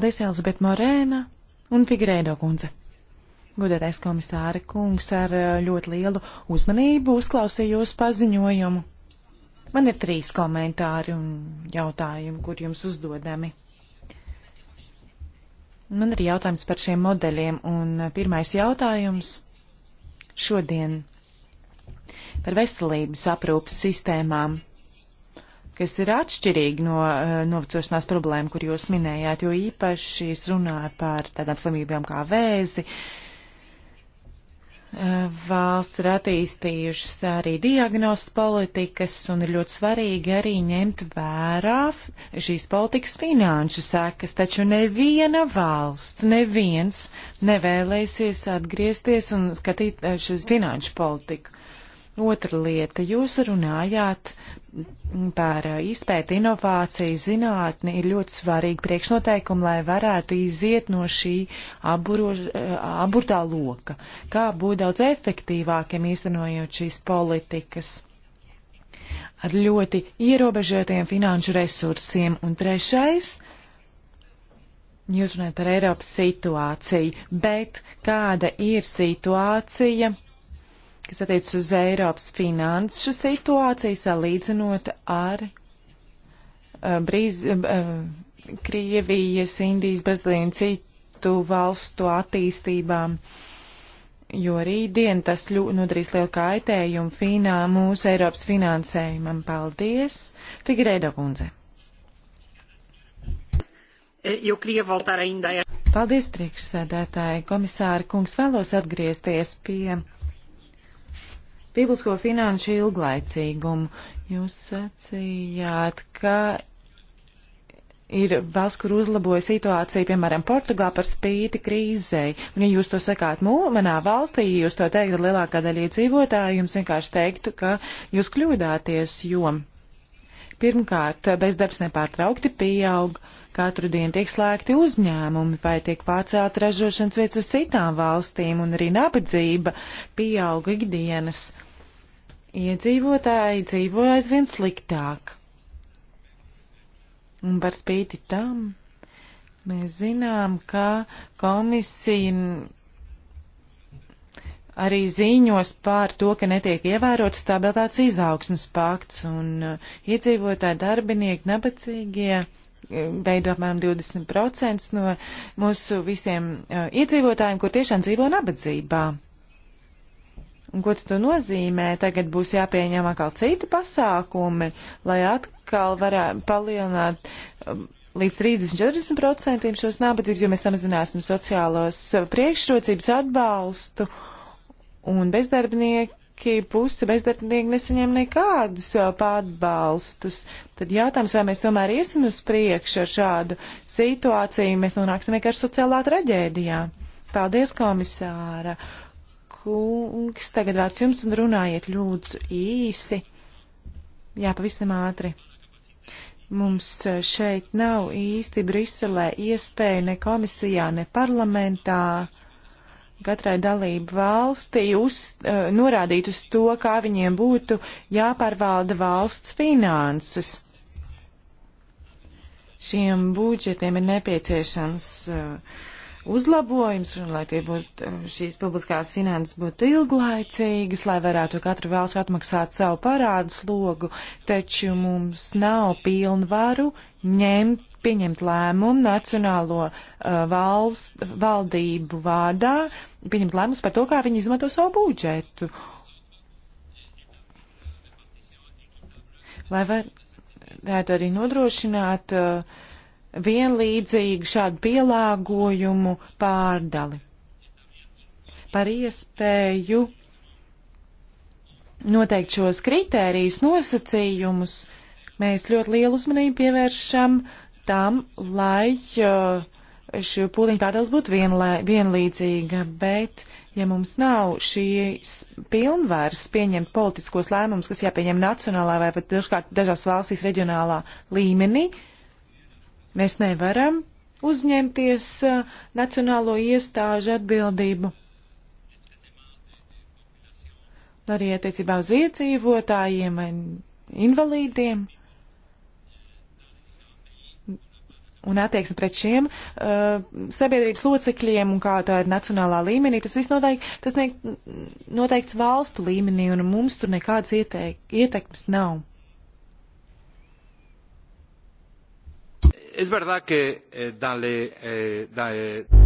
Paldies, Elizabet Morēna un Figrēdo kundze. Gudētais komisāri kungs ar uh, ļoti lielu uzmanību uzklausījos paziņojumu. Man ir trīs komentāri un jautājumi, kur jums uzdodami. Man ir jautājums par šiem modeļiem, un uh, pirmais jautājums šodien par veselības aprūpas sistēmām kas ir atšķirīgi no uh, novecošanās problēma, kur jūs minējāt, jo īpaši es runāju par tādām slimībām kā vēzi. Uh, valsts ir attīstījušas arī diagnostas politikas un ir ļoti svarīgi arī ņemt vērā šīs politikas finanšu sekas, taču neviena valsts, neviens nevēlēsies atgriezties un skatīt eh, šis finanšu politiku. Otra lieta, jūs runājāt par eh, izpēti, inovāciju, zinātni ir ļoti svarīgi priekšnoteikumi, lai varētu iziet no šī aburož, eh, aburtā loka. Kā būt daudz efektīvākiem īstenojot šīs politikas ar ļoti ierobežotiem finanšu resursiem. Un trešais, jūs runājat par Eiropas situāciju, bet kāda ir situācija? kas attiecas uz Eiropas finanšu situāciju, salīdzinot ar uh, brīz, uh, Krievijas, Indijas, Brazīlijas un citu valstu attīstībām. Jo rītdien tas ļu, nodarīs nu, lielu kaitējumu finā mūsu Eiropas finansējumam. Paldies! Figreida kundze! Eh, Paldies, priekšsēdētāji! Komisāra kungs vēlos atgriezties pie publisko finanšu ilglaicīgumu. Jūs sacījāt, ka ir valsts, kur uzlaboja situācija, piemēram, Portugāla par spīti krīzei. Un, ja jūs to sakāt mū, manā valstī, ja jūs to teiktu lielākā daļa iedzīvotāju, jums vienkārši teiktu, ka jūs kļūdāties, jo pirmkārt bezdarbs nepārtraukti pieaug. Uh, Katru dienu tiek slēgti uzņēmumi vai tiek pārcelt ražošanas vietas uz citām valstīm, un arī nabadzība pieauga ikdienas. Iedzīvotāji dzīvo aizvien sliktāk. Un par spīti tam mēs zinām, ka komisija arī ziņos par to, ka netiek ievērots stabilitātes izaugsmas pakts un uh, iedzīvotāji darbinieki nabadzīgie veido apmēram 20% no mūsu visiem iedzīvotājiem, kur tiešām dzīvo nabadzībā. Un ko tas nozīmē? Tagad būs jāpieņem atkal citi pasākumi, lai atkal varētu palielināt līdz 30-40% šos nabadzības, jo mēs samazināsim sociālos priekšrocības atbalstu un bezdarbnieki. Puse bezdarbnieku nesaņem nekādus atbalstus. Tad jautājums, vai mēs tomēr iesim uz priekšu ar šādu situāciju, mēs nonāksim vienkārši sociālā traģēdijā. Paldies, komisāra! Kungs, tagad vārds jums un runājiet lūdzu īsi. Jā, pavisam ātri. Mums šeit nav īsti Briselē iespēja ne komisijā, ne parlamentā katrai dalību valstī uz, uh, norādīt uz to, kā viņiem būtu jāpārvalda valsts finanses šiem budžetiem ir nepieciešams uh, uzlabojums, un lai būtu, uh, šīs publiskās finanses būtu ilglaicīgas, lai varētu katru valsts atmaksāt savu parādu slogu, taču mums nav pilnvaru ņemt, pieņemt lēmumu nacionālo uh, valsts valdību vārdā, pieņemt lēmumus par to, kā viņi izmanto savu budžetu. Lai var, varētu arī nodrošināt uh, vienlīdzīgu šādu pielāgojumu pārdali par iespēju noteikt šos kritērijus, nosacījumus. Mēs ļoti lielu uzmanību pievēršam tam, lai uh, šī pūliņa pārdals būtu vienlē, vienlīdzīga, bet ja mums nav šīs pilnvaras pieņemt politiskos lēmumus, kas jāpieņem nacionālā vai pat dažkārt dažās valstīs reģionālā līmenī, mēs nevaram uzņemties uh, nacionālo iestāžu atbildību. Arī attiecībā uz iedzīvotājiem vai invalīdiem. un attieksme pret šiem uh, sabiedrības locekļiem un kā tā ir nacionālā līmenī, tas viss noteikti, tas ne, noteikts valstu līmenī un mums tur nekādas ieteik, ietekmes nav. Es verdad que eh, dans les, eh, dans, eh...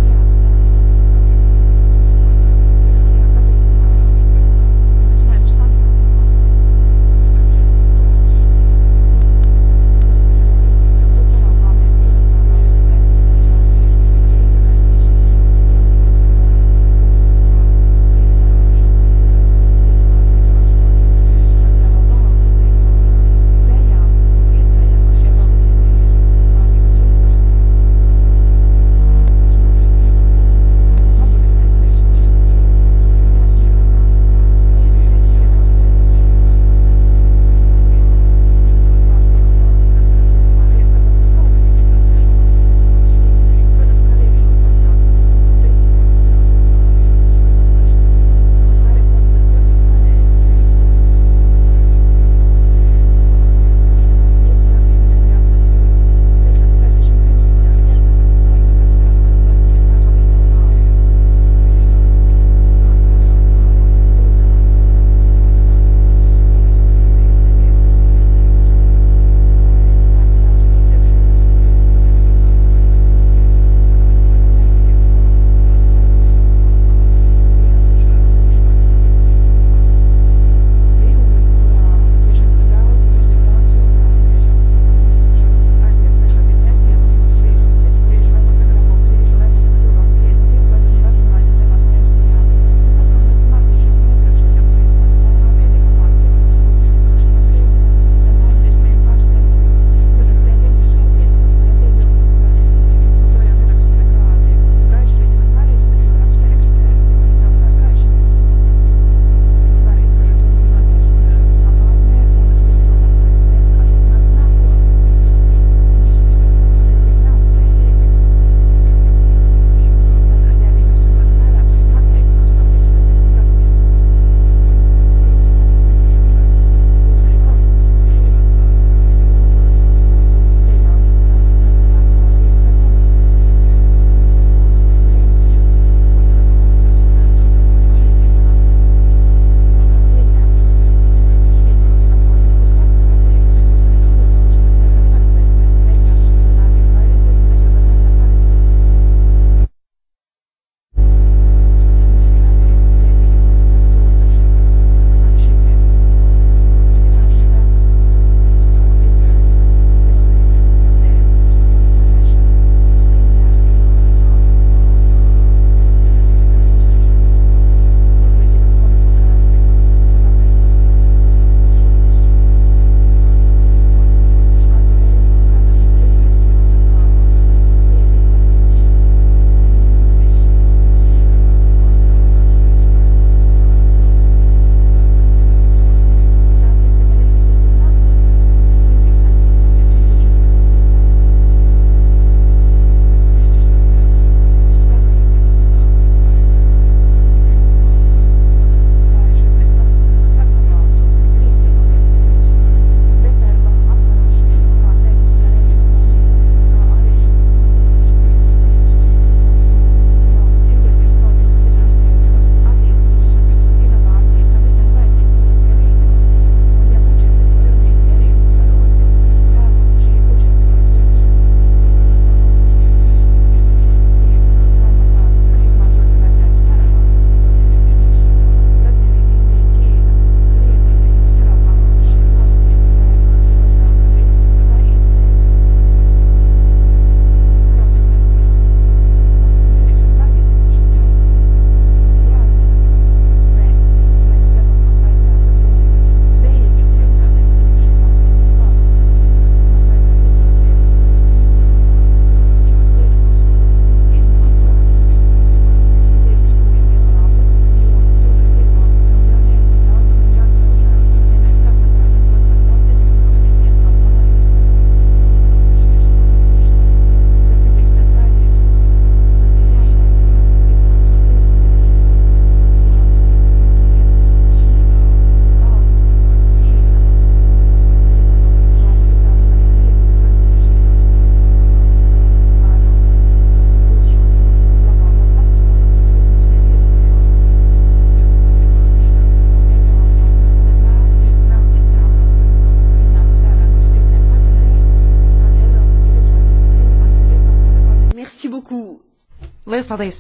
Lielas paldies!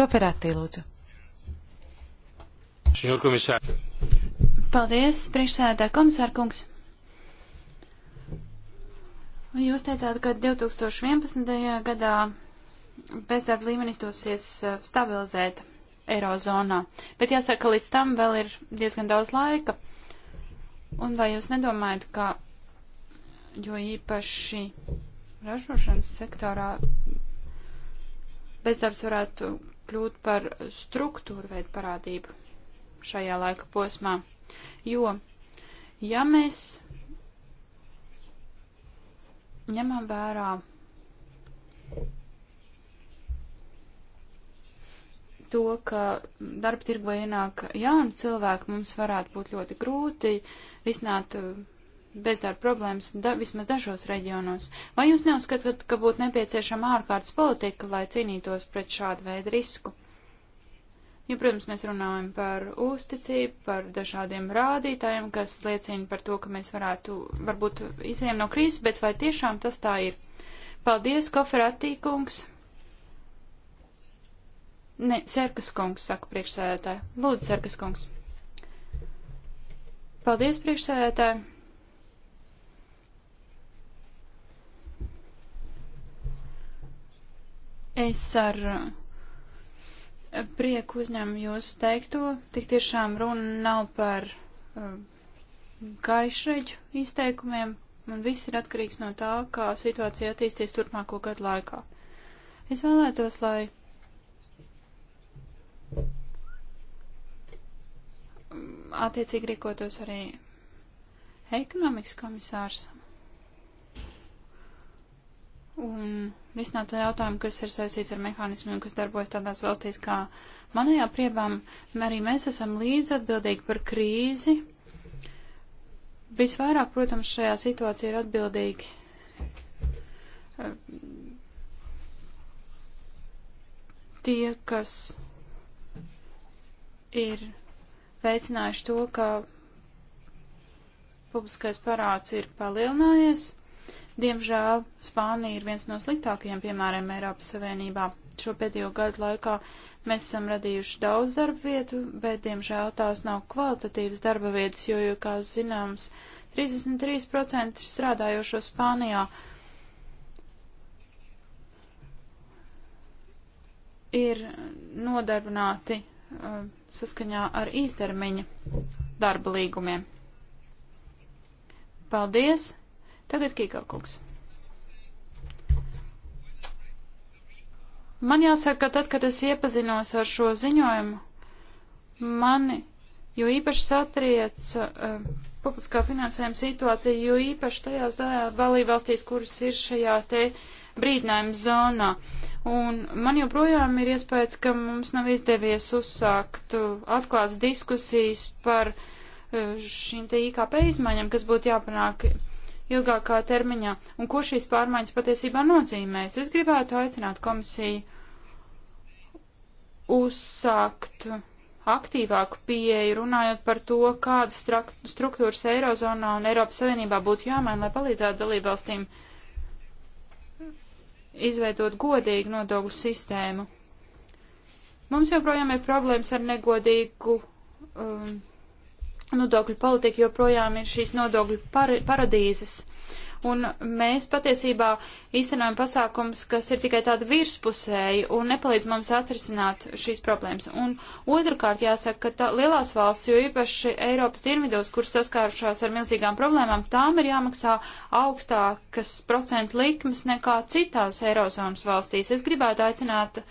Koferātī, lūdzu. Paldies, priekšsēdā komisārkungs. Jūs teicāt, ka 2011. gadā bezdarba līmenis dosies eh, stabilizēt Eirozonā, bet jāsaka, ka līdz tam vēl ir diezgan daudz laika. Un vai jūs nedomājat, ka jo īpaši ražošanas sektorā bezdarbs varētu kļūt par struktūru veidu parādību šajā laika posmā. Jo, ja mēs ņemam vērā to, ka darba tirgu ienāk jauni cilvēki, mums varētu būt ļoti grūti risināt uh, bezdarba problēmas da, vismaz dažos reģionos. Vai jūs neuzskatāt, ka būtu nepieciešama ārkārtas politika, lai cīnītos pret šādu veidu risku? Jo, protams, mēs runājam par uzticību, par dažādiem rādītājiem, kas liecina par to, ka mēs varētu varbūt izējām no krīzes, bet vai tiešām tas tā ir? Paldies, Koferatī kungs! Ne, Serkas kungs, saka priekšsēdētāji. Lūdzu, Serkas kungs. Paldies, priekšsēdētāji! Es ar eh, prieku uzņemu jūsu teikto. Tik tiešām runa nav par eh, gaišreģu izteikumiem, un viss ir atkarīgs no tā, kā situācija attīstīsies turpmāko gadu laikā. Es vēlētos, lai attiecīgi rīkotos arī ekonomikas komisārs. Un risināt to jautājumu, kas ir saistīts ar mehānismiem, kas darbojas tādās valstīs kā manējā priebām. Arī mēs esam līdz atbildīgi par krīzi. Visvairāk, protams, šajā situācijā ir atbildīgi eh, tie, kas ir veicinājuši to, ka publiskais parāds ir palielinājies Diemžēl Spānija ir viens no sliktākajiem piemēriem Eiropas Savienībā. Šo pēdējo gadu laikā mēs esam radījuši daudz darba vietu, bet diemžēl tās nav kvalitatīvas darba vietas, jo, jo kā zināms, 33% strādājošo Spānijā ir nodarbināti uh, saskaņā ar īstermiņa darba līgumiem. Paldies! Tagad Kīgaukungs. Man jāsaka, ka tad, kad es iepazinos ar šo ziņojumu, mani jo īpaši satrieca uh, publiskā finansējuma situācija, jo īpaši tajās dalībvalstīs, kuras ir šajā te brīdinājuma zonā. Un man joprojām ir iespējas, ka mums nav izdevies uzsākt uh, eh, atklāts diskusijas par uh, šīm te IKP izmaiņām, kas būtu jāpanāk ilgākā termiņā un ko šīs pārmaiņas patiesībā nozīmēs. Es gribētu aicināt komisiju uzsākt aktīvāku pieeju, runājot par to, kādas struktūras Eirozonā un Eiropas Savienībā būtu jāmaina, lai palīdzētu dalībvalstīm izveidot godīgu nodokļu sistēmu. Mums joprojām ir problēmas ar negodīgu um, nodokļu politika joprojām ir šīs nodokļu par paradīzes. Un mēs patiesībā īstenojam pasākums, kas ir tikai tāda virspusēji un nepalīdz mums atrisināt šīs problēmas. Un otrkārt jāsaka, ka tā, lielās valsts, jo īpaši Eiropas dienvidos, kur saskārušās ar milzīgām problēmām, tām ir jāmaksā augstākas procentu likmes nekā citās Eirozonas valstīs. Es gribētu aicināt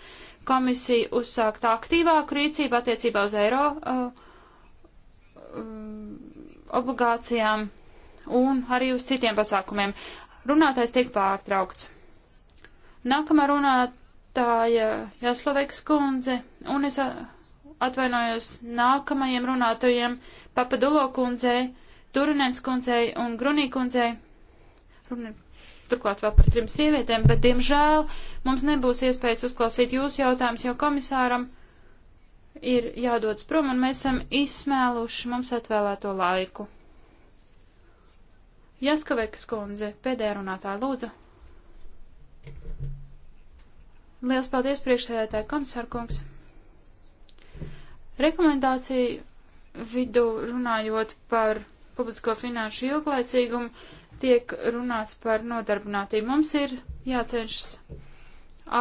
komisiju uzsākt aktīvāku rīcību attiecībā uz Eiro. Uh, Um, obligācijām un arī uz citiem pasākumiem. Runātais tiek pārtraukts. Nākamā runātāja Jasloveks kundze, un es uh, atvainojos nākamajiem runātājiem Papadulo kundzei, Turunens kundzei un Grunī kundzei. Runa turklāt vēl par trim sievietēm, bet diemžēl mums nebūs iespējas uzklausīt jūsu jautājumus jau komisāram ir jādodas prom, un mēs esam izsmēluši mums atvēlēto laiku. Jaskavekas kundze, pēdējā runātā lūdzu. Liels paldies priekšsēdētāji komisārkungs. Rekomendāciju vidu runājot par publisko finanšu ilglaicīgumu tiek runāts par nodarbinātību. Mums ir jācenšas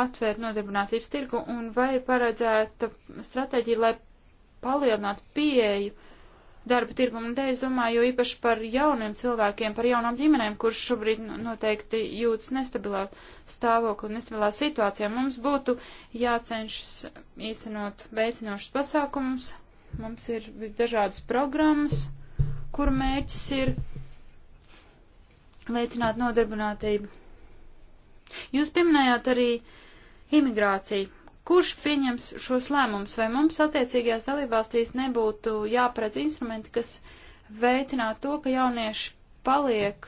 atvērt nodarbinātības tirgu un vai ir paredzēta stratēģija, lai palielinātu pieeju darba tirgumu. Un te es domāju, jo īpaši par jauniem cilvēkiem, par jaunām ģimenēm, kurš šobrīd noteikti jūtas nestabilā stāvokli, nestabilā situācijā, mums būtu jācenšas īstenot veicinošas pasākumus. Mums ir dažādas programmas, kuru mērķis ir veicināt nodarbinātību Jūs pieminējāt arī imigrāciju. Kurš pieņems šos lēmumus? Vai mums attiecīgajās dalībvalstīs nebūtu jāparedz instrumenti, kas veicinātu to, ka jaunieši paliek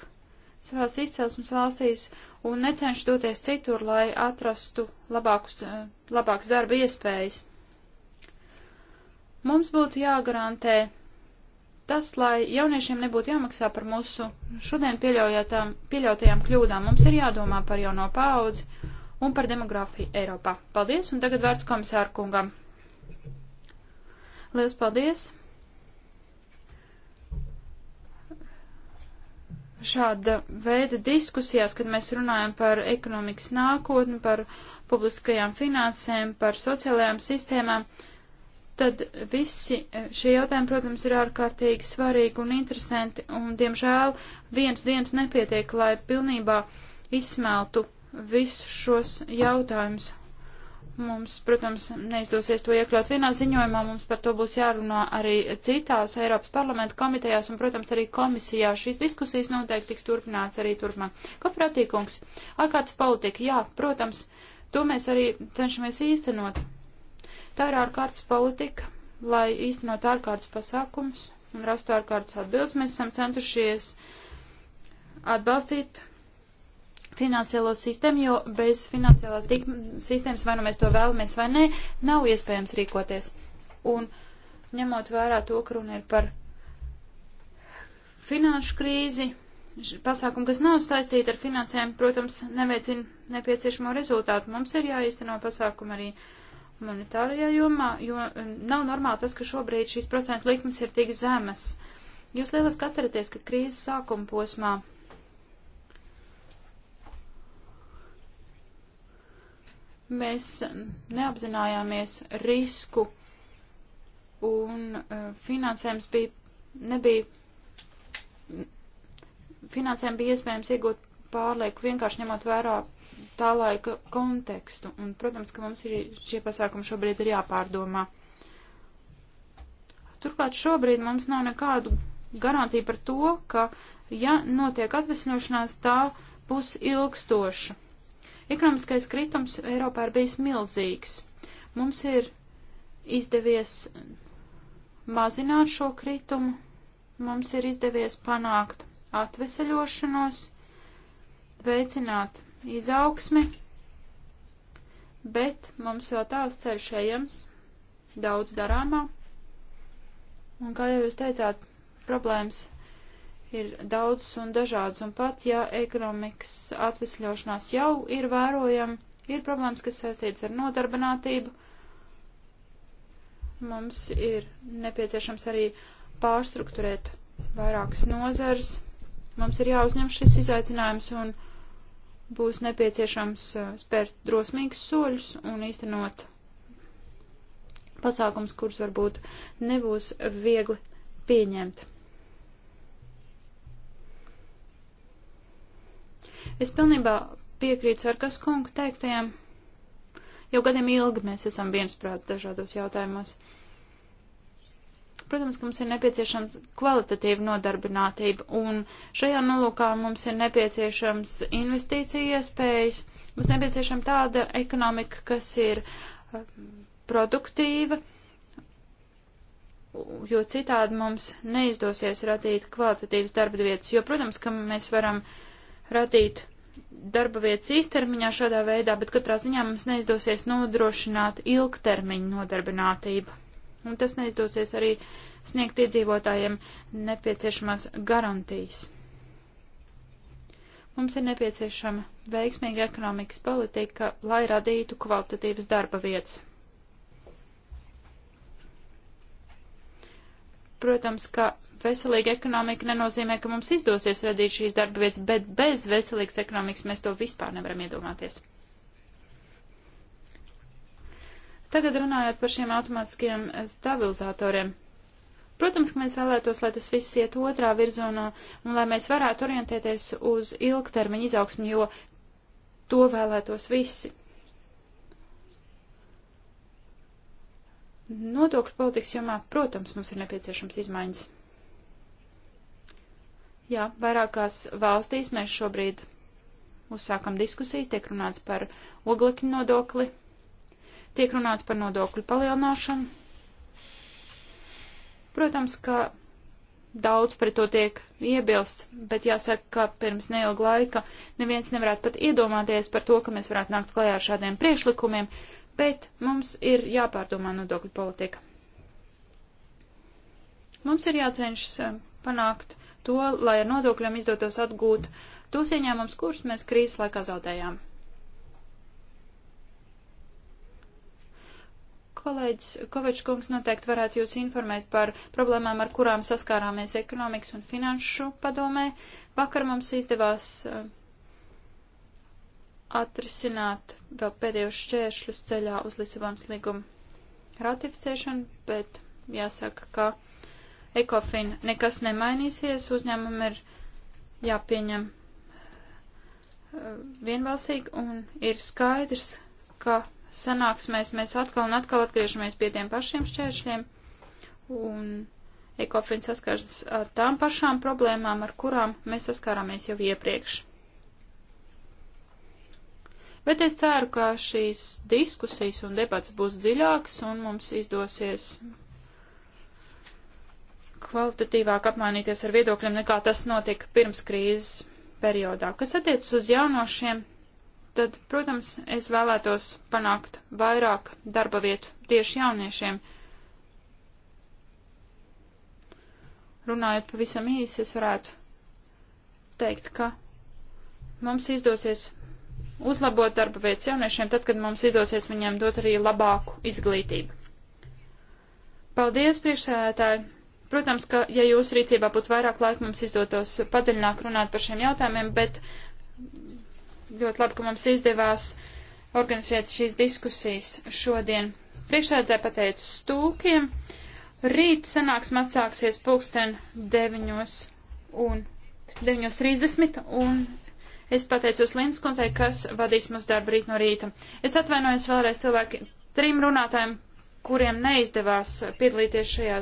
savās izcelsmes valstīs un necenš doties citur, lai atrastu labākus, eh, labākus darba iespējas? Mums būtu jāgarantē tas, lai jauniešiem nebūtu jāmaksā par mūsu šodien pieļautajām kļūdām. Mums ir jādomā par jauno paudzi un par demogrāfiju Eiropā. Paldies, un tagad vārds komisāru kungam. Lielas paldies! Šāda veida diskusijās, kad mēs runājam par ekonomikas nākotni, par publiskajām finansēm, par sociālajām sistēmām, uh, tad visi e, šie jautājumi, protams, ir ārkārtīgi svarīgi un interesanti, un, diemžēl, viens dienas nepietiek, lai pilnībā izsmeltu visus šos jautājumus. Mums, protams, neizdosies to iekļaut vienā ziņojumā, mums par to būs jārunā arī citās Eiropas parlamenta komitejās un, protams, arī komisijā. Šīs diskusijas noteikti tiks turpināts arī turpmāk. Kofratīkungs, ārkārtas politika, jā, protams, to mēs arī cenšamies īstenot Tā ir ārkārtas politika, lai īstenot ārkārtas pasākums un rastu ārkārtas atbildes. Mēs esam centušies atbalstīt finansiālo sistēmu, jo bez finansiālās sistēmas, vai nu mēs to vēlamies vai nē, nav iespējams rīkoties. Un ņemot vērā to, ka runa ir par finanšu krīzi, pasākumu, kas nav saistīti ar finansēm, protams, neveicina nepieciešamo rezultātu. Mums ir jāīsteno pasākumu arī. Uh, monetārajā jomā, jo um, nav normāli tas, ka šobrīd šīs procentu likmes ir tik zemas. Jūs lieliski atceraties, ka krīzes sākuma posmā mēs um, neapzinājāmies risku un uh, finansējums bija, nebija, finansējumi bija iespējams iegūt pārlieku vienkārši ņemot vērā tā laika kontekstu. Un, protams, ka mums ir šie pasākumi šobrīd ir jāpārdomā. Turklāt šobrīd mums nav nekādu garantiju par to, ka, ja notiek atvesinošanās, tā būs ilgstoša. Ekonomiskais kritums Eiropā ir bijis milzīgs. Mums ir izdevies mazināt šo kritumu, mums ir izdevies panākt atveseļošanos, veicināt izaugsmi, bet mums vēl tāds ceļš ejams, daudz darāmā, un kā jau jūs teicāt, problēmas ir daudz un dažādas, un pat, ja ekonomikas atvesļošanās jau ir vērojama, ir problēmas, kas saistītas ar nodarbinātību, mums ir nepieciešams arī pārstruktūrēt vairākas nozares, mums ir jāuzņem šis izaicinājums un būs nepieciešams uh, spērt drosmīgus soļus un īstenot pasākums, kurus varbūt nebūs viegli pieņemt. Es pilnībā piekrītu Sarkas kungu teiktajam, jau gadiem ilgi mēs esam viensprāts dažādos jautājumos. Uh, Protams, ka mums ir nepieciešams kvalitatīva nodarbinātība, un šajā nolūkā mums ir nepieciešams investīcija iespējas, mums nepieciešama tāda ekonomika, kas ir um, produktīva, jo citādi mums neizdosies radīt kvalitatīvas darba vietas, jo, protams, ka mēs varam radīt darba vietas īstermiņā šādā veidā, bet katrā ziņā mums neizdosies nodrošināt ilgtermiņu nodarbinātību un tas neizdosies arī sniegt iedzīvotājiem nepieciešamās garantijas. Mums ir nepieciešama veiksmīga ekonomikas politika, lai radītu kvalitatīvas darba vietas. Protams, ka veselīga ekonomika nenozīmē, ka mums izdosies radīt šīs darba vietas, bet bez veselīgas ekonomikas mēs to vispār nevaram iedomāties. Tagad runājot par šiem automātiskiem stabilizatoriem. Protams, ka mēs vēlētos, lai tas viss iet otrā virzienā un lai mēs varētu orientēties uz ilgtermiņa izaugsmu, jo to vēlētos visi. Nodokļu politikas jomā, protams, mums ir nepieciešams izmaiņas. Jā, vairākās valstīs mēs šobrīd uzsākam diskusijas, tiek runāts par oglekļu nodokli, Tiek runāts par nodokļu palielināšanu. Protams, ka daudz pret to tiek iebilst, bet jāsaka, ka pirms neilga laika neviens nevarētu pat iedomāties par to, ka mēs varētu nākt klajā ar šādiem priekšlikumiem, bet mums ir jāpārdomā nodokļu politika. Mums ir jācenšas eh, panākt to, lai ar nodokļiem izdotos atgūt tos ieņēmums, kurus mēs krīzes laikā zaudējām. Kolēģis Kovečkungs noteikti varētu jūs informēt par problēmām, ar kurām saskārāmies ekonomikas un finanšu padomē. Vakar mums izdevās eh, atrisināt vēl pēdējos šķēršļus ceļā uz Lisabonas līgumu ratificēšanu, bet jāsaka, ka ECOFIN nekas nemainīsies, uzņēmumi ir jāpieņem eh, vienbalsīgi un ir skaidrs, ka sanāksmēs mēs atkal un atkal atgriežamies pie tiem pašiem šķēršļiem, un ekofins saskars ar tām pašām problēmām, ar kurām mēs saskārāmies jau iepriekš. Bet es ceru, ka šīs diskusijas un debats būs dziļāks un mums izdosies kvalitatīvāk apmainīties ar viedokļiem, nekā tas notika pirms krīzes periodā. Kas attiecas uz jaunošiem, tad, protams, es vēlētos panākt vairāk darba vietu tieši jauniešiem. Runājot pavisam īsi, es varētu teikt, ka mums izdosies uzlabot darba vietas jauniešiem, tad, kad mums izdosies viņiem dot arī labāku izglītību. Paldies, priekšsēdētāji! Protams, ka, ja jūsu rīcībā būtu vairāk laika, mums izdotos padziļināk runāt par šiem jautājumiem, bet ļoti labi, ka mums izdevās organizēt šīs diskusijas šodien. Priekšsēdētāji pateica stūkiem. Rīt sanāksim atsāksies pulksten 9 un 9.30 un es pateicos Lindas kundzei, kas vadīs mūsu darbu rīt no rīta. Es atvainojos vēlreiz cilvēki trim runātājiem, kuriem neizdevās piedalīties šajās